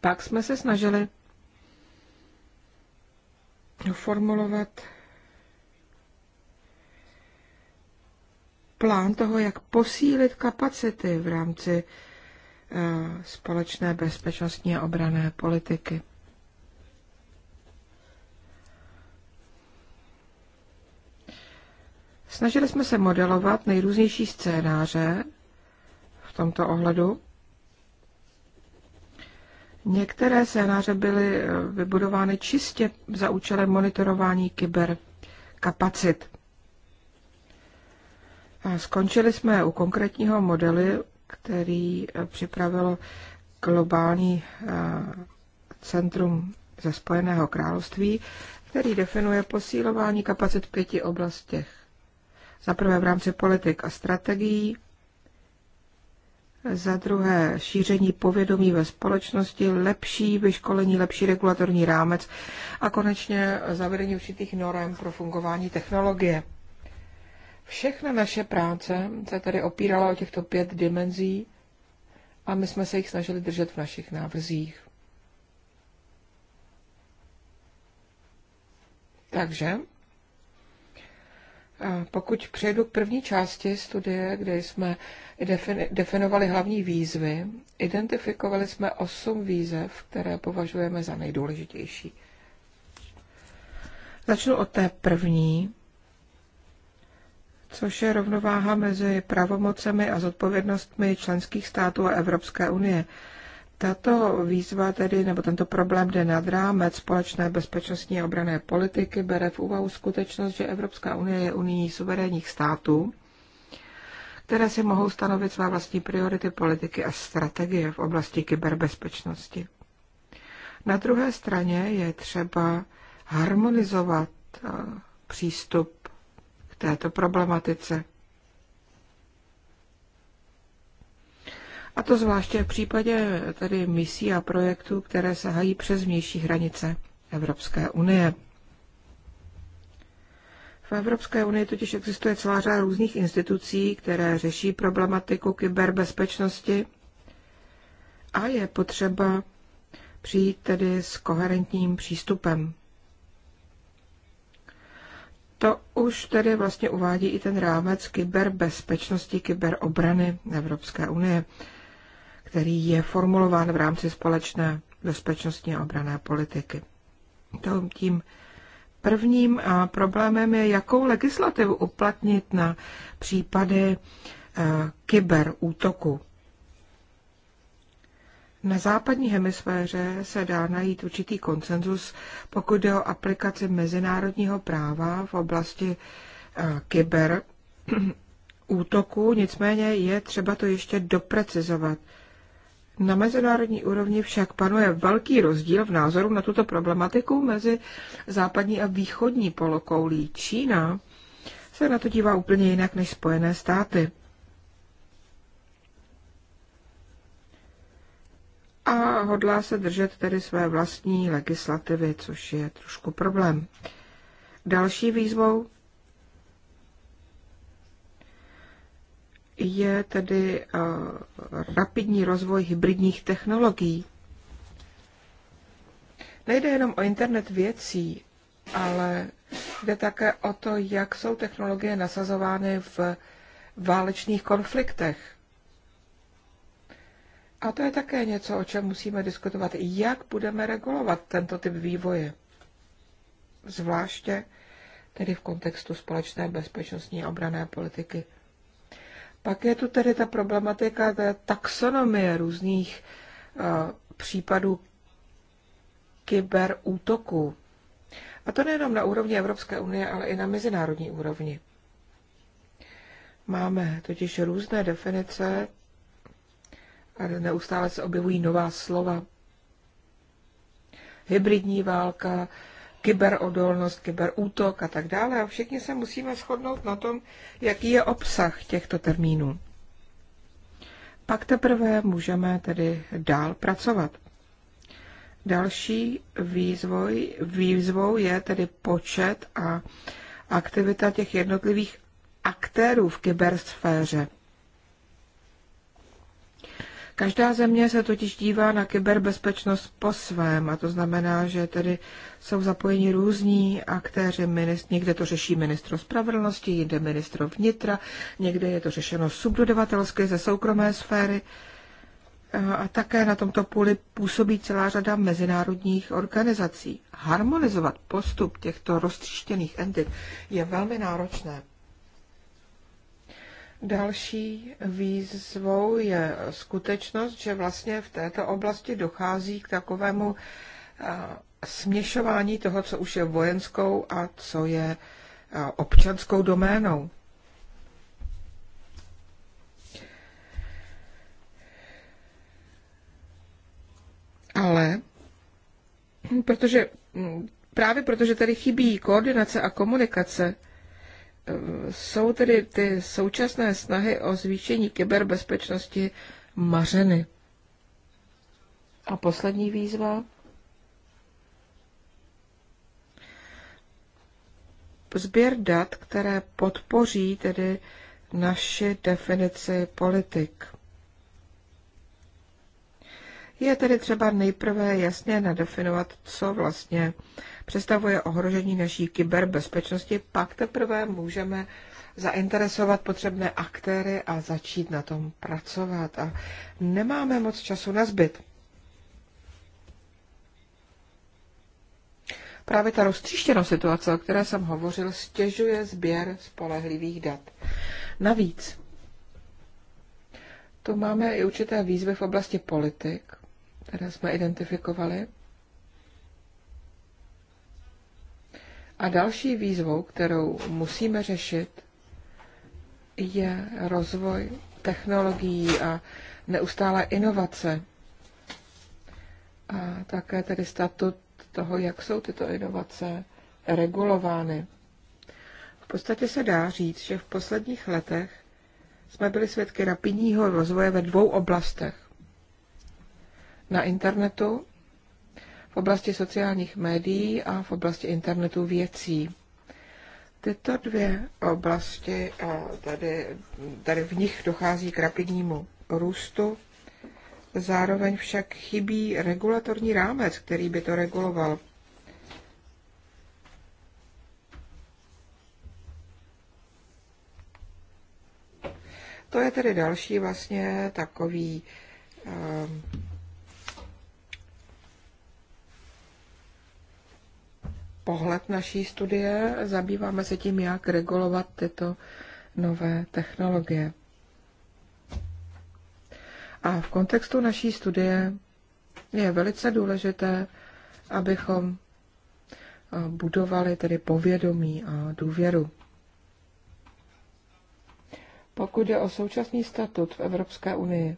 Speaker 2: pak jsme se snažili formulovat plán toho, jak posílit kapacity v rámci eh, společné bezpečnostní a obrané politiky. Snažili jsme se modelovat nejrůznější scénáře v tomto ohledu Některé scénáře byly eh, vybudovány čistě za účelem monitorování kyberkapacit. Skončili jsme u konkrétního modelu, který eh, připravilo globální eh, centrum ze Spojeného království, který definuje posílování kapacit v pěti oblastech. Za prvé v rámci politik a strategií, za druhé šíření povědomí ve společnosti, lepší vyškolení, lepší regulatorní rámec a konečně zavedení určitých norem pro fungování technologie. Všechna naše práce se tady opírala o těchto pět dimenzí a my jsme se jich snažili držet v našich návrzích. Takže pokud přejdu k první části studie, kde jsme definovali hlavní výzvy, identifikovali jsme osm výzev, které považujeme za nejdůležitější. Začnu od té první, což je rovnováha mezi pravomocemi a zodpovědnostmi členských států a Evropské unie. Tato výzva tedy, nebo tento problém jde nad rámec společné bezpečnostní a obrané politiky, bere v úvahu skutečnost, že Evropská unie je unii suverénních států, které si mohou stanovit svá vlastní priority politiky a strategie v oblasti kyberbezpečnosti. Na druhé straně je třeba harmonizovat eh, přístup k této problematice. A to zvláště v případě tedy misí a projektů, které sahají přes vnější hranice Evropské unie. V Evropské unii totiž existuje celá řada různých institucí, které řeší problematiku kyberbezpečnosti a je potřeba přijít tedy s koherentním přístupem. To už tedy vlastně uvádí i ten rámec kyberbezpečnosti, kyberobrany Evropské unie který je formulován v rámci společné bezpečnostní a obrané politiky. Tím prvním problémem je, jakou legislativu uplatnit na případy e, kyberútoku. Na západní hemisféře se dá najít určitý koncenzus, pokud jde o aplikaci mezinárodního práva v oblasti e, kyberútoku, útoku, nicméně je třeba to ještě doprecizovat. Na mezinárodní úrovni však panuje velký rozdíl v názoru na tuto problematiku mezi západní a východní polokoulí. Čína se na to dívá úplně jinak než Spojené státy. A hodlá se držet tedy své vlastní legislativy, což je trošku problém. Další výzvou je tedy eh, rapidní rozvoj hybridních technologií. Nejde jenom o internet věcí, ale jde také o to, jak jsou technologie nasazovány v válečných konfliktech. A to je také něco, o čem musíme diskutovat, jak budeme regulovat tento typ vývoje. Zvláště tedy v kontextu společné bezpečnostní a obrané politiky pak je tu tedy ta problematika ta taxonomie různých eh, případů kyberútoků. A to nejenom na úrovni Evropské unie, ale i na mezinárodní úrovni. Máme totiž různé definice a neustále se objevují nová slova. Hybridní válka, kyberodolnost, kyberútok a tak dále. A všichni se musíme shodnout na tom, jaký je obsah těchto termínů. Pak teprve můžeme tedy dál pracovat. Další výzvoj, výzvou je tedy počet a aktivita těch jednotlivých aktérů v kybersféře. Každá země se totiž dívá na kyberbezpečnost po svém, a to znamená, že tedy jsou zapojeni různí aktéři, ministr někde to řeší ministro spravedlnosti, jinde ministro vnitra, někde je to řešeno subdodavatelsky ze soukromé sféry. A také na tomto půli působí celá řada mezinárodních organizací. Harmonizovat postup těchto roztříštěných entit je velmi náročné. Další výzvou je skutečnost, že vlastně v této oblasti dochází k takovému eh, směšování toho, co už je vojenskou a co je eh, občanskou doménou. Ale protože, mm, právě protože tady chybí koordinace a komunikace, jsou tedy ty současné snahy o zvýšení kyberbezpečnosti mařeny. A poslední výzva. Sběr dat, které podpoří tedy naši definici politik. Je tedy třeba nejprve jasně nadefinovat, co vlastně představuje ohrožení naší kyberbezpečnosti, pak teprve můžeme zainteresovat potřebné aktéry a začít na tom pracovat. A nemáme moc času na zbyt. Právě ta roztříštěná situace, o které jsem hovořil, stěžuje sběr spolehlivých dat. Navíc, tu máme i určité výzvy v oblasti politik, které jsme identifikovali. A další výzvou, kterou musíme řešit, je rozvoj technologií a neustále inovace. A také tedy statut toho, jak jsou tyto inovace regulovány. V podstatě se dá říct, že v posledních letech jsme byli svědky rapidního rozvoje ve dvou oblastech. Na internetu v oblasti sociálních médií a v oblasti internetu věcí. Tyto dvě oblasti, tady, tady v nich dochází k rapidnímu růstu, zároveň však chybí regulatorní rámec, který by to reguloval. To je tedy další vlastně takový um, pohled naší studie. Zabýváme se tím, jak regulovat tyto nové technologie. A v kontextu naší studie je velice důležité, abychom eh, budovali tedy povědomí a důvěru. Pokud je o současný statut v Evropské unii,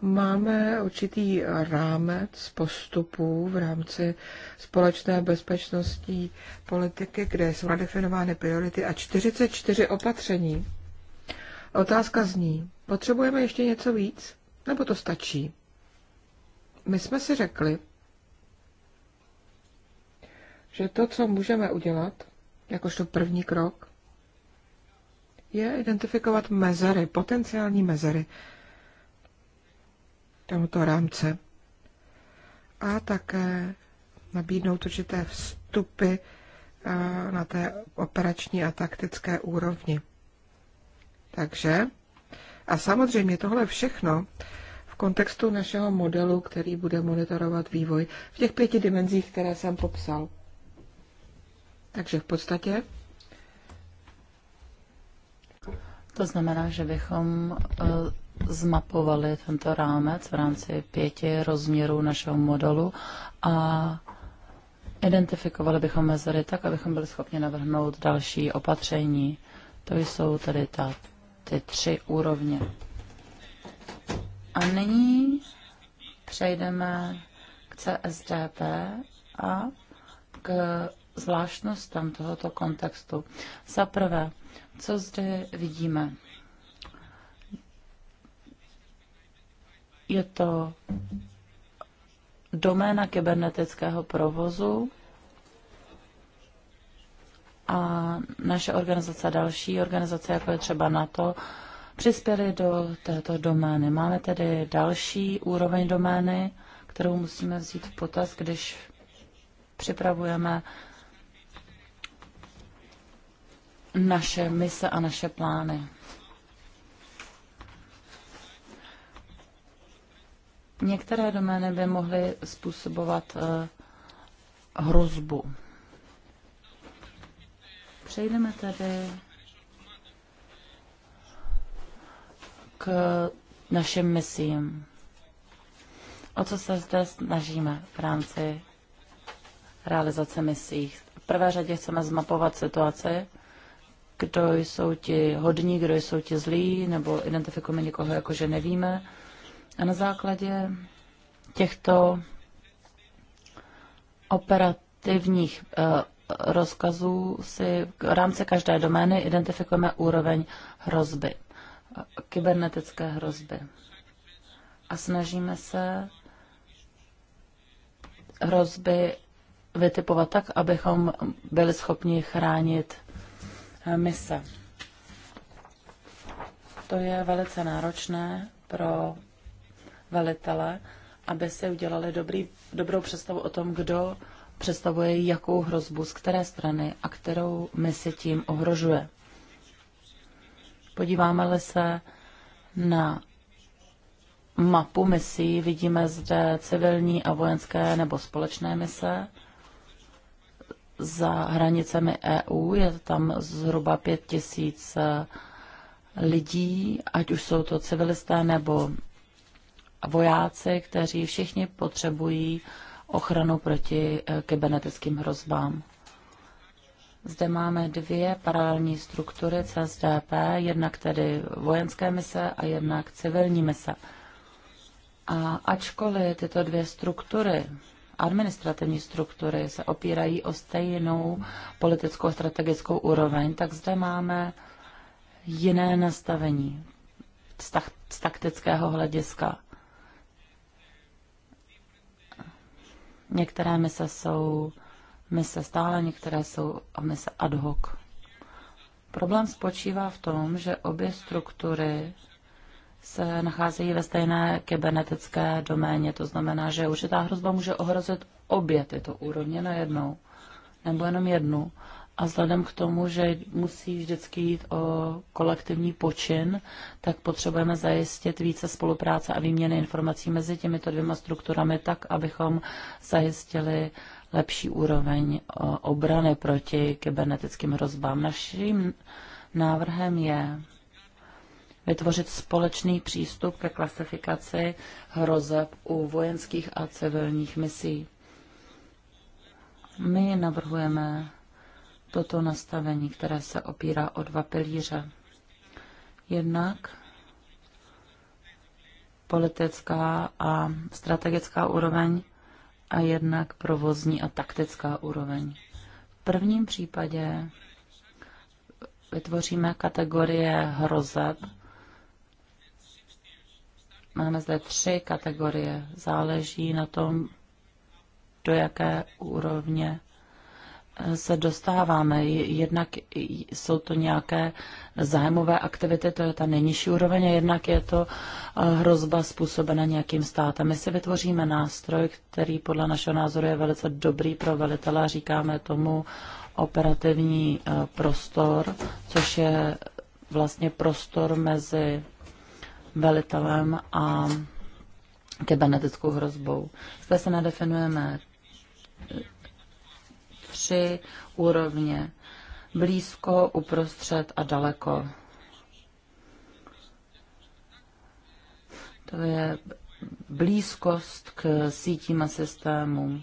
Speaker 2: Máme určitý rámec postupů v rámci společné bezpečnostní politiky, kde jsou nadefinovány priority a 44 opatření. Otázka zní, potřebujeme ještě něco víc, nebo to stačí? My jsme si řekli, že to, co můžeme udělat, jakožto první krok, je identifikovat mezery, potenciální mezery tomuto rámce a také nabídnout určité vstupy eh, na té operační a taktické úrovni. Takže, a samozřejmě tohle všechno v kontextu našeho modelu, který bude monitorovat vývoj v těch pěti dimenzích, které jsem popsal. Takže v
Speaker 4: podstatě. To znamená, že bychom eh, zmapovali tento rámec v rámci pěti rozměrů našeho modelu a identifikovali bychom mezery tak, abychom byli schopni navrhnout další opatření. To jsou tedy ta, ty tři úrovně. A nyní přejdeme k CSDP a k zvláštnostem tohoto kontextu. Za prvé, co zde vidíme? Je to doména kybernetického provozu a naše organizace a další organizace, jako je třeba NATO, přispěly do této domény. Máme tedy další úroveň domény, kterou musíme vzít v potaz, když připravujeme naše mise a naše plány. Některé domény by mohly způsobovat eh, hrozbu. Přejdeme tedy k našim misím. O co se zde snažíme v rámci realizace misí? V prvé řadě chceme zmapovat situaci, kdo jsou ti hodní, kdo jsou ti zlí, nebo identifikujeme někoho jako, že nevíme. A na základě těchto operativních eh, rozkazů si v rámci každé domény identifikujeme úroveň hrozby, kybernetické hrozby. A snažíme se hrozby vytipovat tak, abychom byli schopni chránit eh, mise. To je velice náročné pro velitele, aby si udělali dobrý, dobrou představu o tom, kdo představuje jakou hrozbu, z které strany a kterou si tím ohrožuje. Podíváme-li se na mapu misí, vidíme zde civilní a vojenské nebo společné mise. Za hranicemi EU je tam zhruba pět tisíc lidí, ať už jsou to civilisté nebo vojáci, kteří všichni potřebují ochranu proti eh, kybernetickým hrozbám. Zde máme dvě paralelní struktury CSDP, jednak tedy vojenské mise a jednak civilní mise. A ačkoliv tyto dvě struktury, administrativní struktury, se opírají o stejnou politickou strategickou úroveň, tak zde máme jiné nastavení z, tak, z taktického hlediska. Některé mise jsou mise stále, některé jsou mise ad hoc. Problém spočívá v tom, že obě struktury se nacházejí ve stejné kybernetické doméně. To znamená, že určitá hrozba může ohrozit obě tyto úrovně najednou, nebo jenom jednu. A vzhledem k tomu, že musí vždycky jít o kolektivní počin, tak potřebujeme zajistit více spolupráce a výměny informací mezi těmito dvěma strukturami tak, abychom zajistili lepší úroveň eh, obrany proti kybernetickým hrozbám. Naším návrhem je vytvořit společný přístup ke klasifikaci hrozeb u vojenských a civilních misí. My navrhujeme toto nastavení, které se opírá o dva pilíře. Jednak politická a strategická úroveň a jednak provozní a taktická úroveň. V prvním případě vytvoříme kategorie hrozeb. Máme zde tři kategorie. Záleží na tom, do jaké úrovně se dostáváme? Jednak jsou to nějaké zájmové aktivity, to je ta nejnižší úroveň, a jednak je to eh, hrozba způsobena nějakým státem. My si vytvoříme nástroj, který podle našeho názoru je velice dobrý pro velitele, říkáme tomu operativní eh, prostor, což je vlastně prostor mezi velitelem a kybernetickou hrozbou. Zde se nadefinujeme tři úrovně. Blízko, uprostřed a daleko. To je blízkost k sítím a systémům.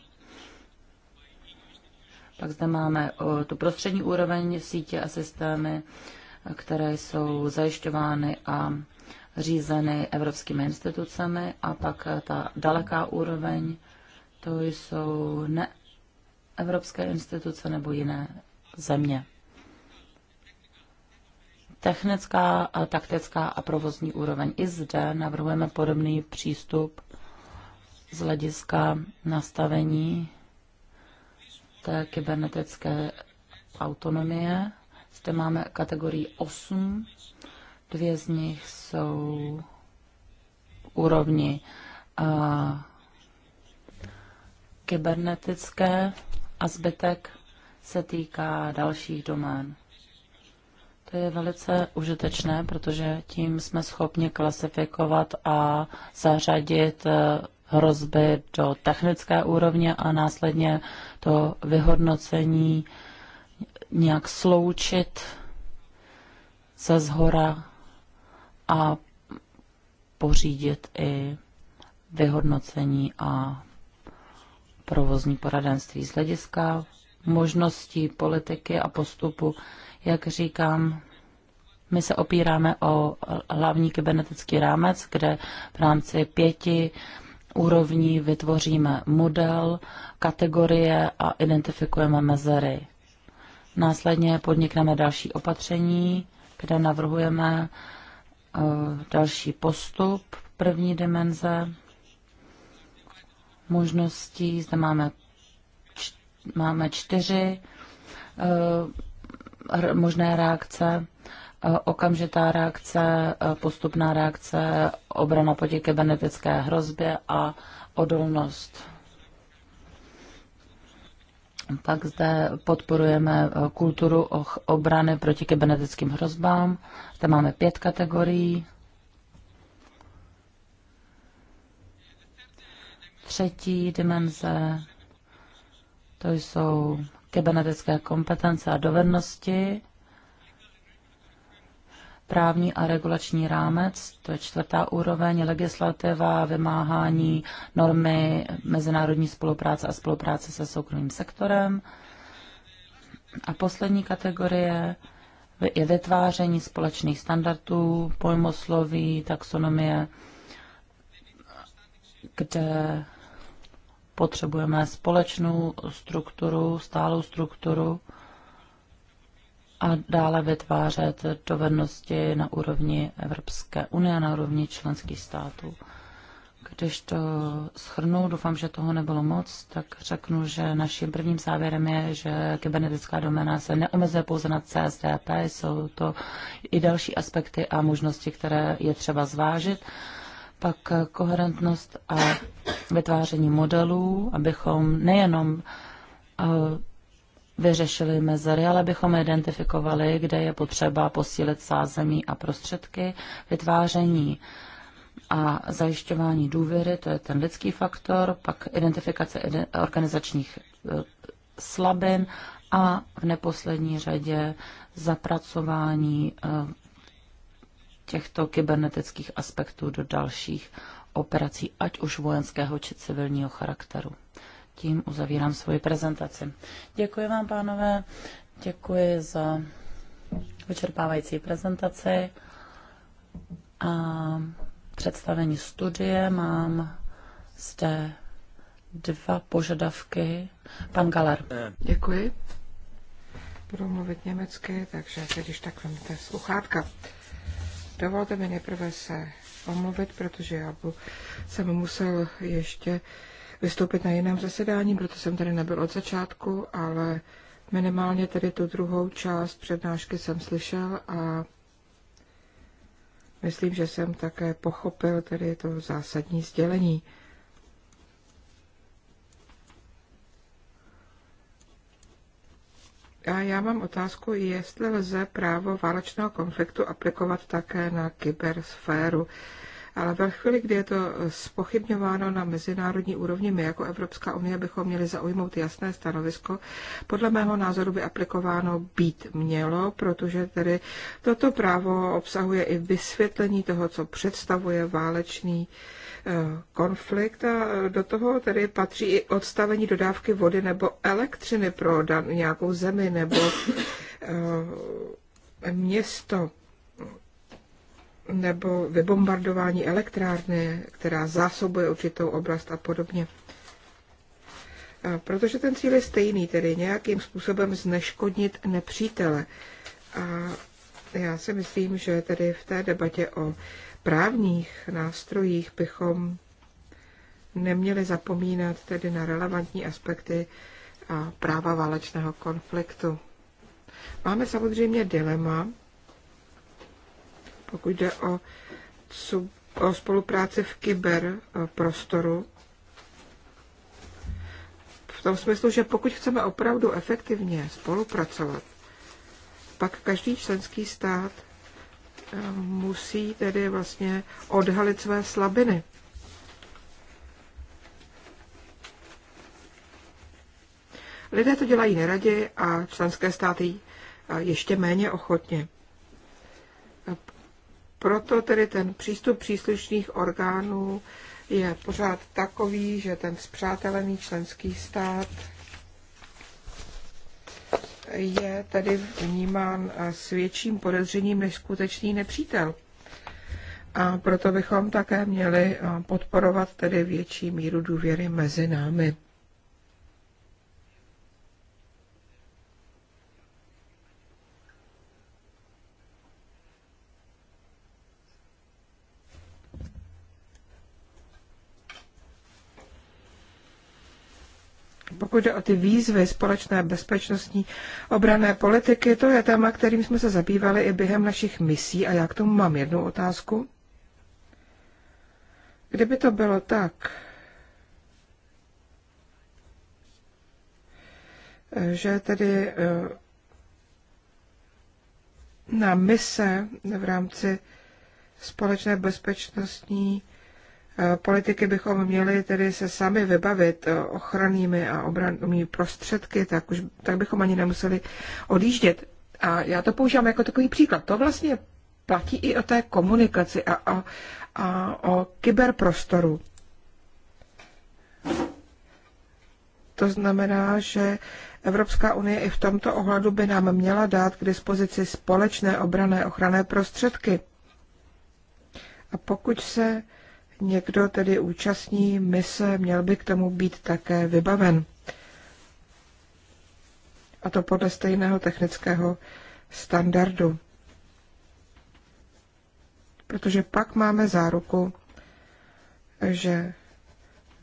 Speaker 4: Pak zde máme tu prostřední úroveň sítě a systémy, které jsou zajišťovány a řízeny evropskými institucemi a pak ta daleká úroveň, to jsou ne, evropské instituce nebo jiné země. Technická, taktická a provozní úroveň. I zde navrhujeme podobný přístup z hlediska nastavení té kybernetické autonomie. Zde máme kategorii 8. Dvě z nich jsou úrovni uh, kybernetické a zbytek se týká dalších domén. To je velice užitečné, protože tím jsme schopni klasifikovat a zařadit eh, hrozby do technické úrovně a následně to vyhodnocení nějak sloučit ze zhora a pořídit i vyhodnocení a provozní poradenství z hlediska možností politiky a postupu. Jak říkám, my se opíráme o hlavní kybernetický rámec, kde v rámci pěti úrovní vytvoříme model, kategorie a identifikujeme mezery. Následně podnikneme další opatření, kde navrhujeme eh, další postup první dimenze možností. Zde máme, č, máme čtyři e, možné reakce. Eh, okamžitá reakce, eh, postupná reakce, obrana proti kybernetické hrozbě a odolnost. Pak zde podporujeme kulturu obrany proti kybernetickým hrozbám. Zde máme pět kategorií. Třetí dimenze to jsou kybernetické kompetence a dovednosti, právní a regulační rámec, to je čtvrtá úroveň, legislativa, vymáhání, normy, mezinárodní spolupráce a spolupráce se soukromým sektorem. A poslední kategorie je vytváření společných standardů, pojmosloví, taxonomie, kde Potřebujeme společnou strukturu, stálou strukturu a dále vytvářet dovednosti na úrovni Evropské unie, na úrovni členských států. Když to schrnu, doufám, že toho nebylo moc, tak řeknu, že naším prvním závěrem je, že kybernetická domena se neomezuje pouze na CSDP, jsou to i další aspekty a možnosti, které je třeba zvážit pak koherentnost a vytváření modelů, abychom nejenom eh, vyřešili mezery, ale abychom identifikovali, kde je potřeba posílit sázemí a prostředky, vytváření a zajišťování důvěry, to je ten lidský faktor, pak identifikace organizačních eh, slabin a v neposlední řadě zapracování eh, těchto kybernetických aspektů do dalších operací, ať už vojenského či civilního charakteru. Tím uzavírám svoji prezentaci. Děkuji vám, pánové, děkuji za vyčerpávající prezentaci a představení studie. Mám zde dva požadavky. Pan Galer. Děkuji.
Speaker 2: Budu mluvit německy, takže když tak vemte sluchátka. Dovolte mi nejprve se omluvit, protože já byl, jsem musel ještě vystoupit na jiném zasedání, proto jsem tady nebyl od začátku, ale minimálně tedy tu druhou část přednášky jsem slyšel a myslím, že jsem také pochopil tedy to zásadní sdělení. A já mám otázku, jestli lze právo válečného konfliktu aplikovat také na kybersféru. Ale ve chvíli, kdy je to eh, spochybňováno na mezinárodní úrovni, my jako Evropská unie bychom měli zaujmout jasné stanovisko. Podle mého názoru by aplikováno být mělo, protože tedy toto právo obsahuje i vysvětlení toho, co představuje válečný eh, konflikt a eh, do toho tedy patří i odstavení dodávky vody nebo elektřiny pro dan- nějakou zemi nebo město nebo vybombardování elektrárny, která zásobuje určitou oblast a podobně. Protože ten cíl je stejný, tedy nějakým způsobem zneškodnit nepřítele. A já si myslím, že tedy v té debatě o právních nástrojích bychom neměli zapomínat tedy na relevantní aspekty práva válečného konfliktu. Máme samozřejmě dilema, pokud jde o, o spolupráci v kyberprostoru. V tom smyslu, že pokud chceme opravdu efektivně spolupracovat, pak každý členský stát eh, musí tedy vlastně odhalit své slabiny. Lidé to dělají neradě a členské státy eh, ještě méně ochotně. Proto tedy ten přístup příslušných orgánů je pořád takový, že ten zpřátelený členský stát je tedy vnímán s větším podezřením než skutečný nepřítel. A proto bychom také měli podporovat tedy větší míru důvěry mezi námi. Pokud jde o ty výzvy společné bezpečnostní obrané politiky, to je téma, kterým jsme se zabývali i během našich misí a já k tomu mám jednu otázku. Kdyby to bylo tak, že tedy eh, na mise v rámci společné bezpečnostní Eh, politiky bychom měli tedy se sami vybavit eh, ochrannými a obrannými prostředky, tak, už, tak bychom ani nemuseli odjíždět. A já to používám jako takový příklad. To vlastně platí i o té komunikaci a, a, a o kyberprostoru. To znamená, že Evropská unie i v tomto ohledu by nám měla dát k dispozici společné obrané ochranné prostředky. A pokud se někdo tedy účastní mise, měl by k tomu být také vybaven. A to podle stejného technického standardu. Protože pak máme záruku, že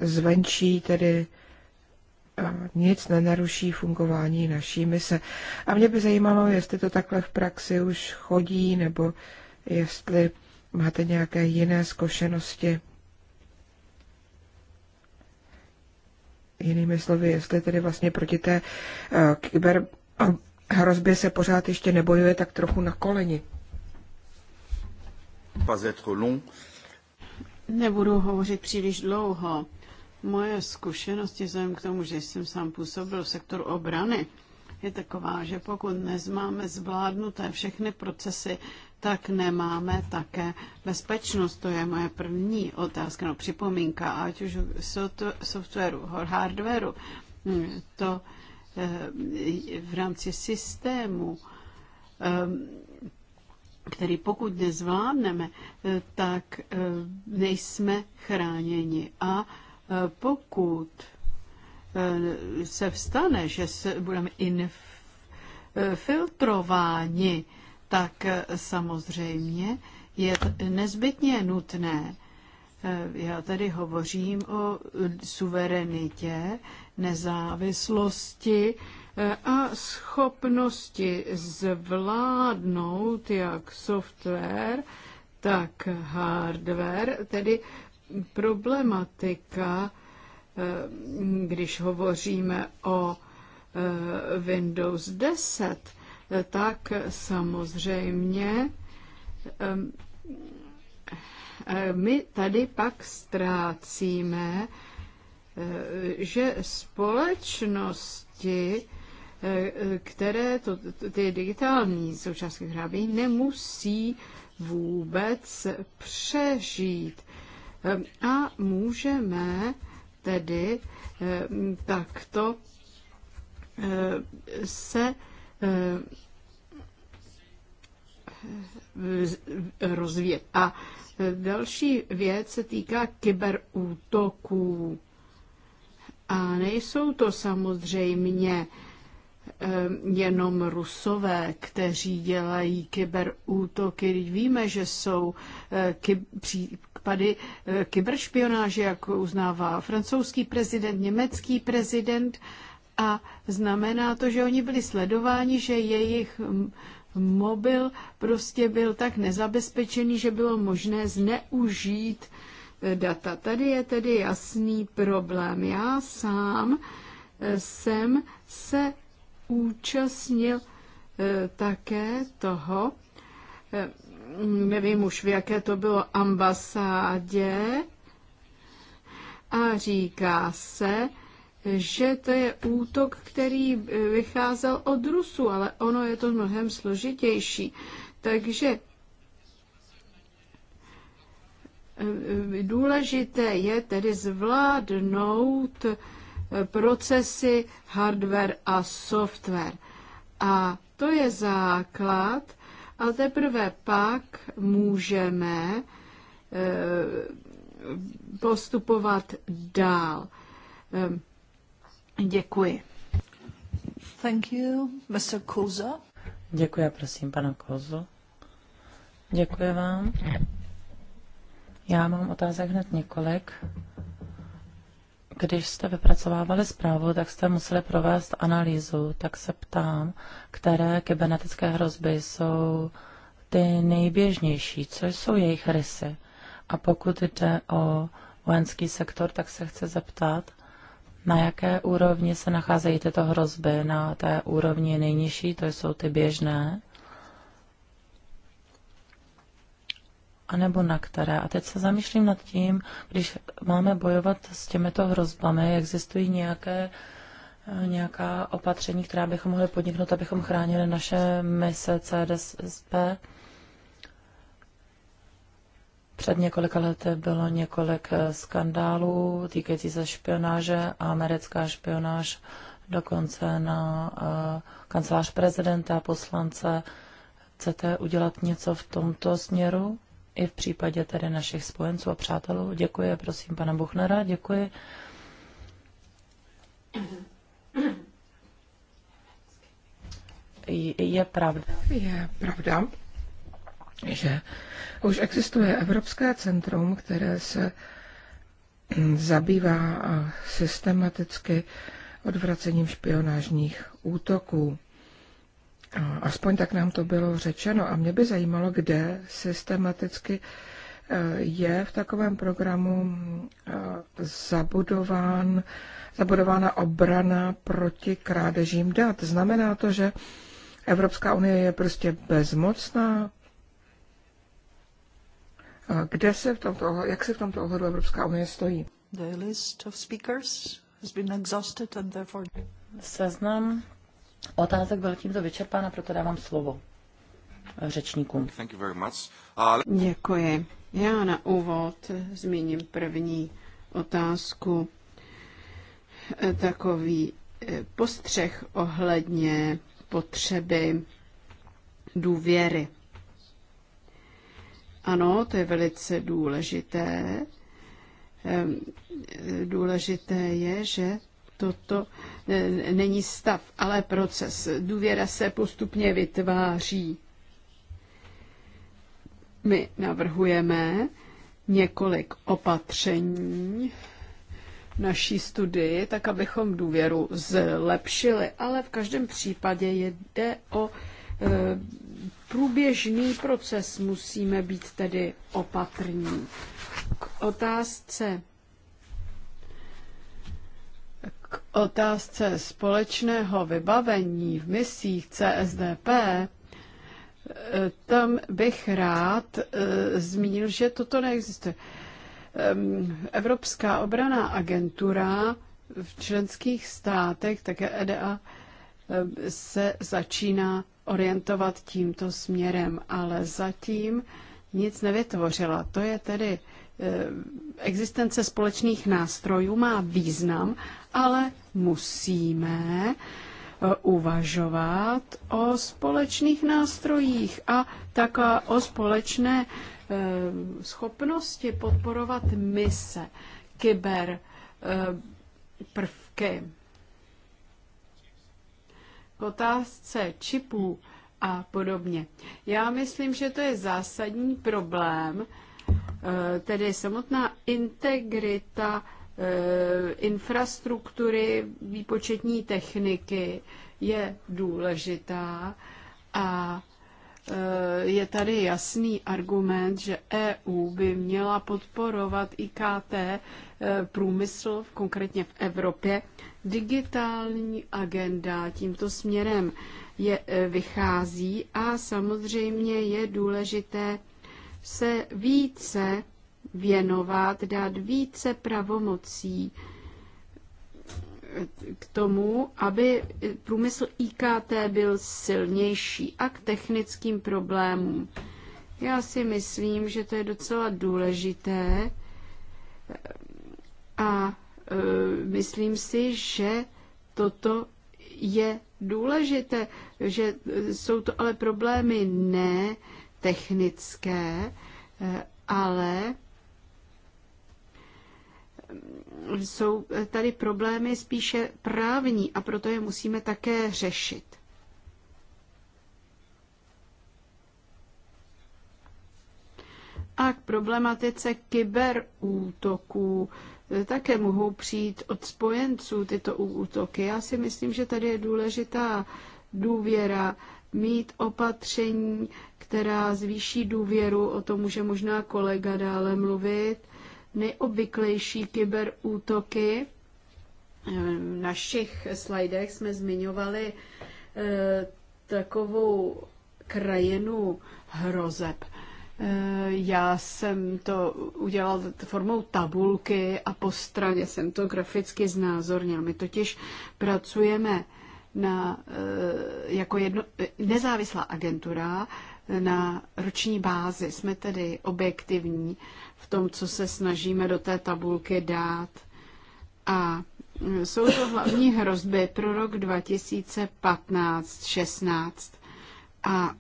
Speaker 2: zvenčí tedy nic nenaruší fungování naší mise. A mě by zajímalo, jestli to takhle v praxi už chodí, nebo jestli máte nějaké jiné zkušenosti. Jinými slovy, jestli tedy vlastně proti té eh, kyber eh, hrozbě se pořád ještě nebojuje tak trochu na koleni.
Speaker 1: Nebudu hovořit příliš dlouho. Moje zkušenosti, vzhledem k tomu, že jsem sám působil v sektoru obrany, je taková, že pokud nezmáme zvládnuté všechny procesy tak nemáme také bezpečnost. To je moje první otázka, no připomínka, ať už softwaru, hardwaru, hmm, to eh, v rámci systému, eh, který pokud nezvládneme, eh, tak nejsme chráněni. A pokud se vstane, že budeme inf- tak samozřejmě je nezbytně nutné, eh, já tady hovořím o suverenitě, nezávislosti eh, a schopnosti zvládnout jak software, tak hardware, tedy problematika, eh, když hovoříme o Windows 10, tak samozřejmě my tady pak ztrácíme, eh, že společnosti, eh, které to, ty digitální součástky hrábí, nemusí vůbec přežít. A můžeme tedy takto eh, se Eh, rozvíjet. A eh, další věc se týká kyberútoků. A nejsou to samozřejmě eh, jenom rusové, kteří dělají kyberútoky. Víme, že jsou případy kyberšpionáže, jak uznává francouzský prezident, německý prezident. A znamená to, že oni byli sledováni, že jejich mobil prostě byl tak nezabezpečený, že bylo možné zneužít eh, data. Tady je tedy jasný problém. Já sám eh, jsem se účastnil eh, také toho, nevím už v jaké to bylo ambasádě, a říká se, že to je útok, který eh, vycházel od Rusů, ale ono je to mnohem složitější. Takže eh, eh, důležité je tedy zvládnout procesy hardware a software. A to je základ, ale teprve pak můžeme postupovat dál. Ehm,
Speaker 4: Děkuji. Thank you, Mr. Kozo. Děkuji, prosím, pana Kozo. Děkuji vám. Já mám otázek hned několik. Když jste vypracovávali zprávu, tak jste museli provést analýzu, tak se ptám, které kybernetické hrozby jsou ty nejběžnější, co jsou jejich rysy. A pokud jde o vojenský sektor, tak se chci zeptat, na jaké úrovni se nacházejí tyto hrozby? Na té úrovni nejnižší, to jsou ty běžné, anebo na které. A teď se zamýšlím nad tím, když máme bojovat s těmito hrozbami, existují nějaké, eh, nějaká opatření, která bychom mohli podniknout, abychom chránili naše mise CDSP? Před několika lety bylo několik eh, skandálů týkající se špionáže, americká špionáž dokonce na eh, kancelář prezidenta a poslance. Chcete udělat něco v tomto směru? I v případě tedy našich spojenců a přátelů. Děkuji, prosím, pana Buchnera, děkuji.
Speaker 2: Je pravda. Je pravda, že už existuje Evropské centrum, které se hm, zabývá systematicky odvracením špionážních útoků. Aspoň tak nám to bylo řečeno a mě by zajímalo, kde systematicky e, je v takovém programu hm, e, zabudován, zabudována obrana proti krádežím dat. Znamená to, že Evropská unie je prostě bezmocná,
Speaker 4: kde se v tomto, jak se v tomto ohledu Evropská unie stojí. The list of speakers has been exhausted and therefore... Seznam otázek byl tímto vyčerpán a proto dávám slovo řečníkům. Thank you very much. Uh... Děkuji.
Speaker 1: Já na úvod zmíním první otázku. Takový eh, postřeh ohledně potřeby důvěry ano, to je velice důležité. Ehm, důležité je, že toto e, není stav, ale proces. Důvěra se postupně vytváří. My navrhujeme několik opatření naší studii, tak abychom důvěru zlepšili, ale v každém případě jde o Eh, průběžný proces musíme být tedy opatrní. K otázce k otázce společného vybavení v misích CSDP, eh, tam bych rád eh, zmínil, že toto neexistuje. Ehm, Evropská obraná agentura v členských státech, také EDA, se začíná orientovat tímto směrem, ale zatím nic nevytvořila. To je tedy eh, existence společných nástrojů má význam, ale musíme eh, uvažovat o společných nástrojích a tak o společné eh, schopnosti podporovat mise, kyber prvky k otázce čipů a podobně. Já myslím, že to je zásadní problém, eh, tedy samotná integrita eh, infrastruktury výpočetní techniky je důležitá a Eh, je tady jasný argument, že EU by měla podporovat IKT eh, průmysl, konkrétně v Evropě. Digitální agenda tímto směrem je, eh, vychází a samozřejmě je důležité se více věnovat, dát více pravomocí k tomu, aby průmysl IKT byl silnější a k technickým problémům. Já si myslím, že to je docela důležité a e, myslím si, že toto je důležité, že jsou to ale problémy ne technické, e, ale jsou eh, tady problémy spíše právní a proto je musíme také řešit. A k problematice kyberútoků eh, také mohou přijít od spojenců tyto útoky. Já si myslím, že tady je důležitá důvěra, mít opatření, která zvýší důvěru, o tom může možná kolega dále mluvit, nejobvyklejší kyberútoky. Eh, v našich slajdech jsme zmiňovali eh, takovou krajinu hrozeb. Eh, já jsem to udělal formou tabulky a po straně jsem to graficky znázornil. My totiž pracujeme na, jako jedno, nezávislá agentura na roční bázi. Jsme tedy objektivní v tom, co se snažíme do té tabulky dát. A jsou to hlavní hrozby pro rok 2015-16. A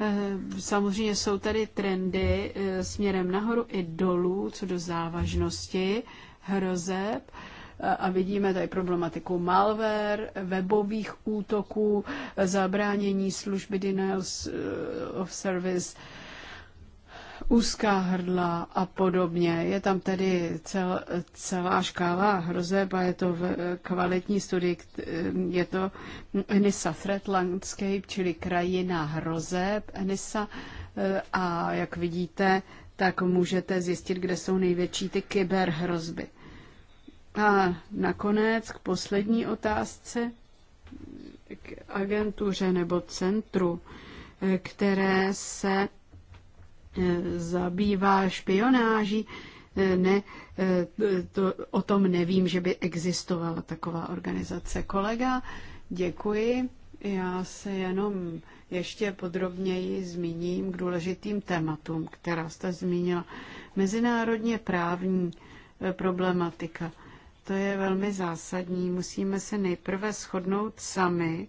Speaker 1: e, samozřejmě jsou tady trendy e, směrem nahoru i dolů, co do závažnosti hrozeb a vidíme tady problematiku malware, webových útoků, e, zabránění služby denials of service úzká hrdla a podobně. Je tam tedy cel, celá škála hrozeb a je to v kvalitní studii, je to Enisa Threat Landscape, čili krajina hrozeb Enisa eh, a jak vidíte, tak můžete zjistit, kde jsou největší ty kyberhrozby. A nakonec k poslední otázce, k agentuře nebo centru, eh, které se zabývá špionáží, ne, to, o tom nevím, že by existovala taková organizace. Kolega, děkuji. Já se jenom ještě podrobněji zmíním k důležitým tématům, která jste zmínila. Mezinárodně právní eh, problematika. To je velmi zásadní. Musíme se nejprve shodnout sami,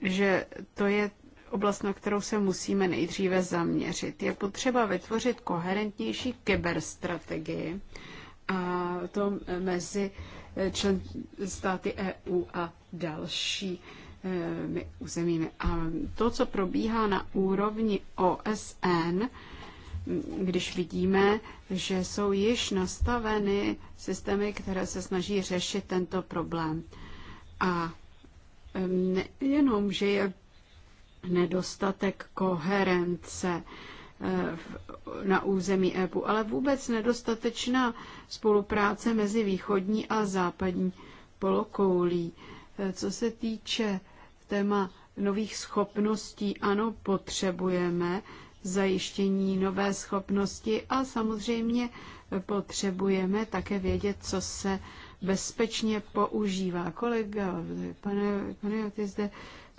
Speaker 1: že to je oblast, na kterou se musíme nejdříve zaměřit. Je potřeba vytvořit koherentnější kyberstrategii a to mezi eh, člen, státy EU a další eh, územími. A to, co probíhá na úrovni OSN, mm, když vidíme, že jsou již nastaveny systémy, které se snaží řešit tento problém. A nejenom, že je nedostatek koherence eh, na území EPU, ale vůbec nedostatečná spolupráce mezi východní a západní polokoulí. Eh, co se týče téma nových schopností, ano, potřebujeme zajištění nové schopnosti a samozřejmě potřebujeme také vědět, co se bezpečně používá. Kolega, pane, pane, ty zde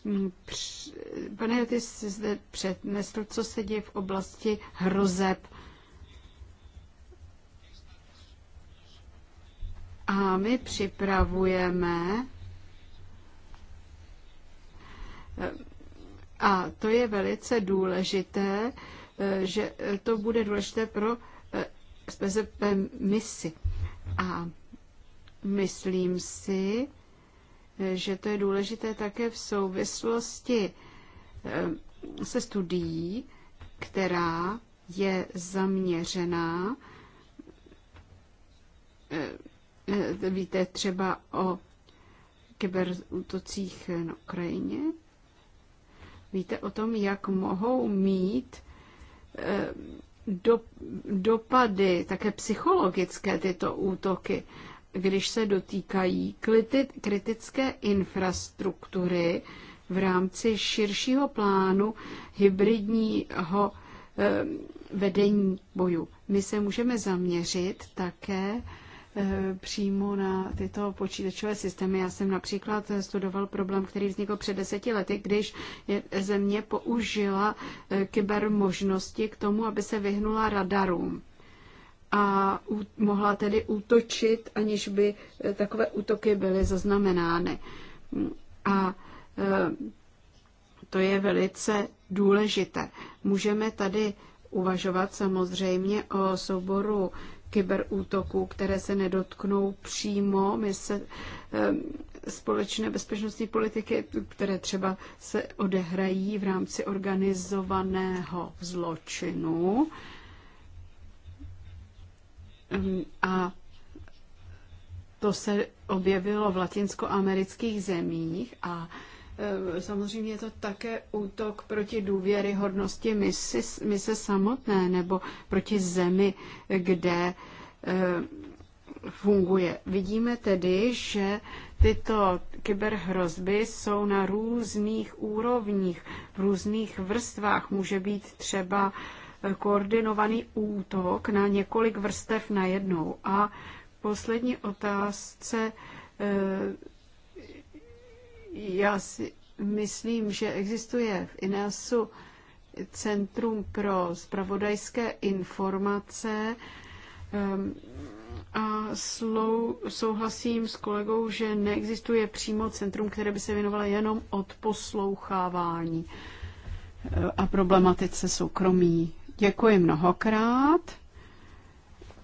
Speaker 1: Mm, pane jsi zde přednesl, co se děje v oblasti hrozeb. A my připravujeme a to je velice důležité, že to bude důležité pro SPZP eh, eh, misi. A myslím si, že to je důležité také v souvislosti eh, se studií, která je zaměřená, eh, eh, víte, třeba o kyberútocích na Ukrajině. Víte o tom, jak mohou mít do, dopady také psychologické tyto útoky když se dotýkají kritické infrastruktury v rámci širšího plánu hybridního eh, vedení bojů. My se můžeme zaměřit také eh, přímo na tyto počítačové systémy. Já jsem například studoval problém, který vznikl před deseti lety, když země použila eh, kybermožnosti k tomu, aby se vyhnula radarům a mohla tedy útočit, aniž by eh, takové útoky byly zaznamenány. Mm, a eh, to je velice důležité. Můžeme tady uvažovat samozřejmě o souboru kyberútoků, které se nedotknou přímo mise eh, společné bezpečnostní politiky, které třeba se odehrají v rámci organizovaného zločinu. Mm, a to se objevilo v latinskoamerických zemích a e, Samozřejmě je to také útok proti důvěryhodnosti mise, mise samotné nebo proti zemi, kde e, funguje. Vidíme tedy, že tyto kyberhrozby jsou na různých úrovních, v různých vrstvách. Může být třeba uh, koordinovaný útok na několik vrstev najednou. A poslední otázce. Eh, já si myslím, že existuje v INASu Centrum pro spravodajské informace eh, a souhlasím s kolegou, že neexistuje přímo centrum, které by se věnovalo jenom od poslouchávání eh, a problematice soukromí Děkuji mnohokrát.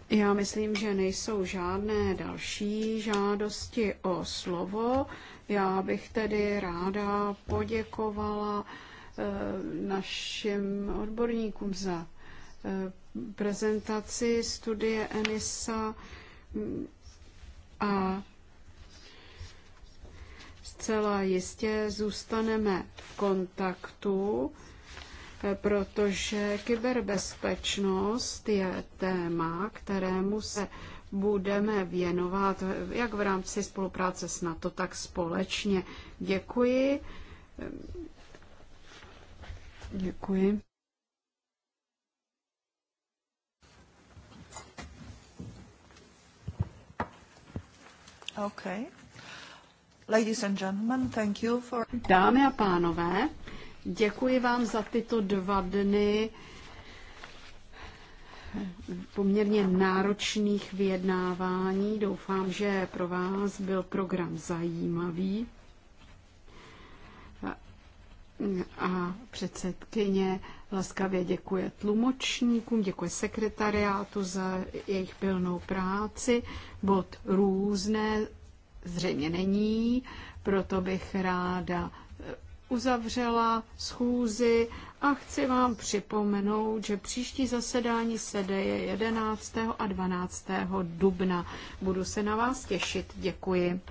Speaker 1: Já myslím, že nejsou žádné další žádosti o slovo. Já bych tedy ráda poděkovala eh, našim odborníkům za eh, prezentaci studie ENISA a zcela jistě zůstaneme v kontaktu protože kyberbezpečnost je téma, kterému se budeme věnovat jak v rámci spolupráce s NATO, tak společně. Děkuji. Děkuji. Okay. Ladies and gentlemen, thank you for... Dámy a pánové, Děkuji vám za tyto dva dny poměrně náročných vyjednávání. Doufám, že pro vás byl program zajímavý. A předsedkyně laskavě děkuje tlumočníkům, děkuje sekretariátu za jejich pilnou práci. Bod různé zřejmě není, proto bych ráda uzavřela schůzi a chci vám připomenout, že příští zasedání se deje 11. a 12. dubna. Budu se na vás těšit. Děkuji.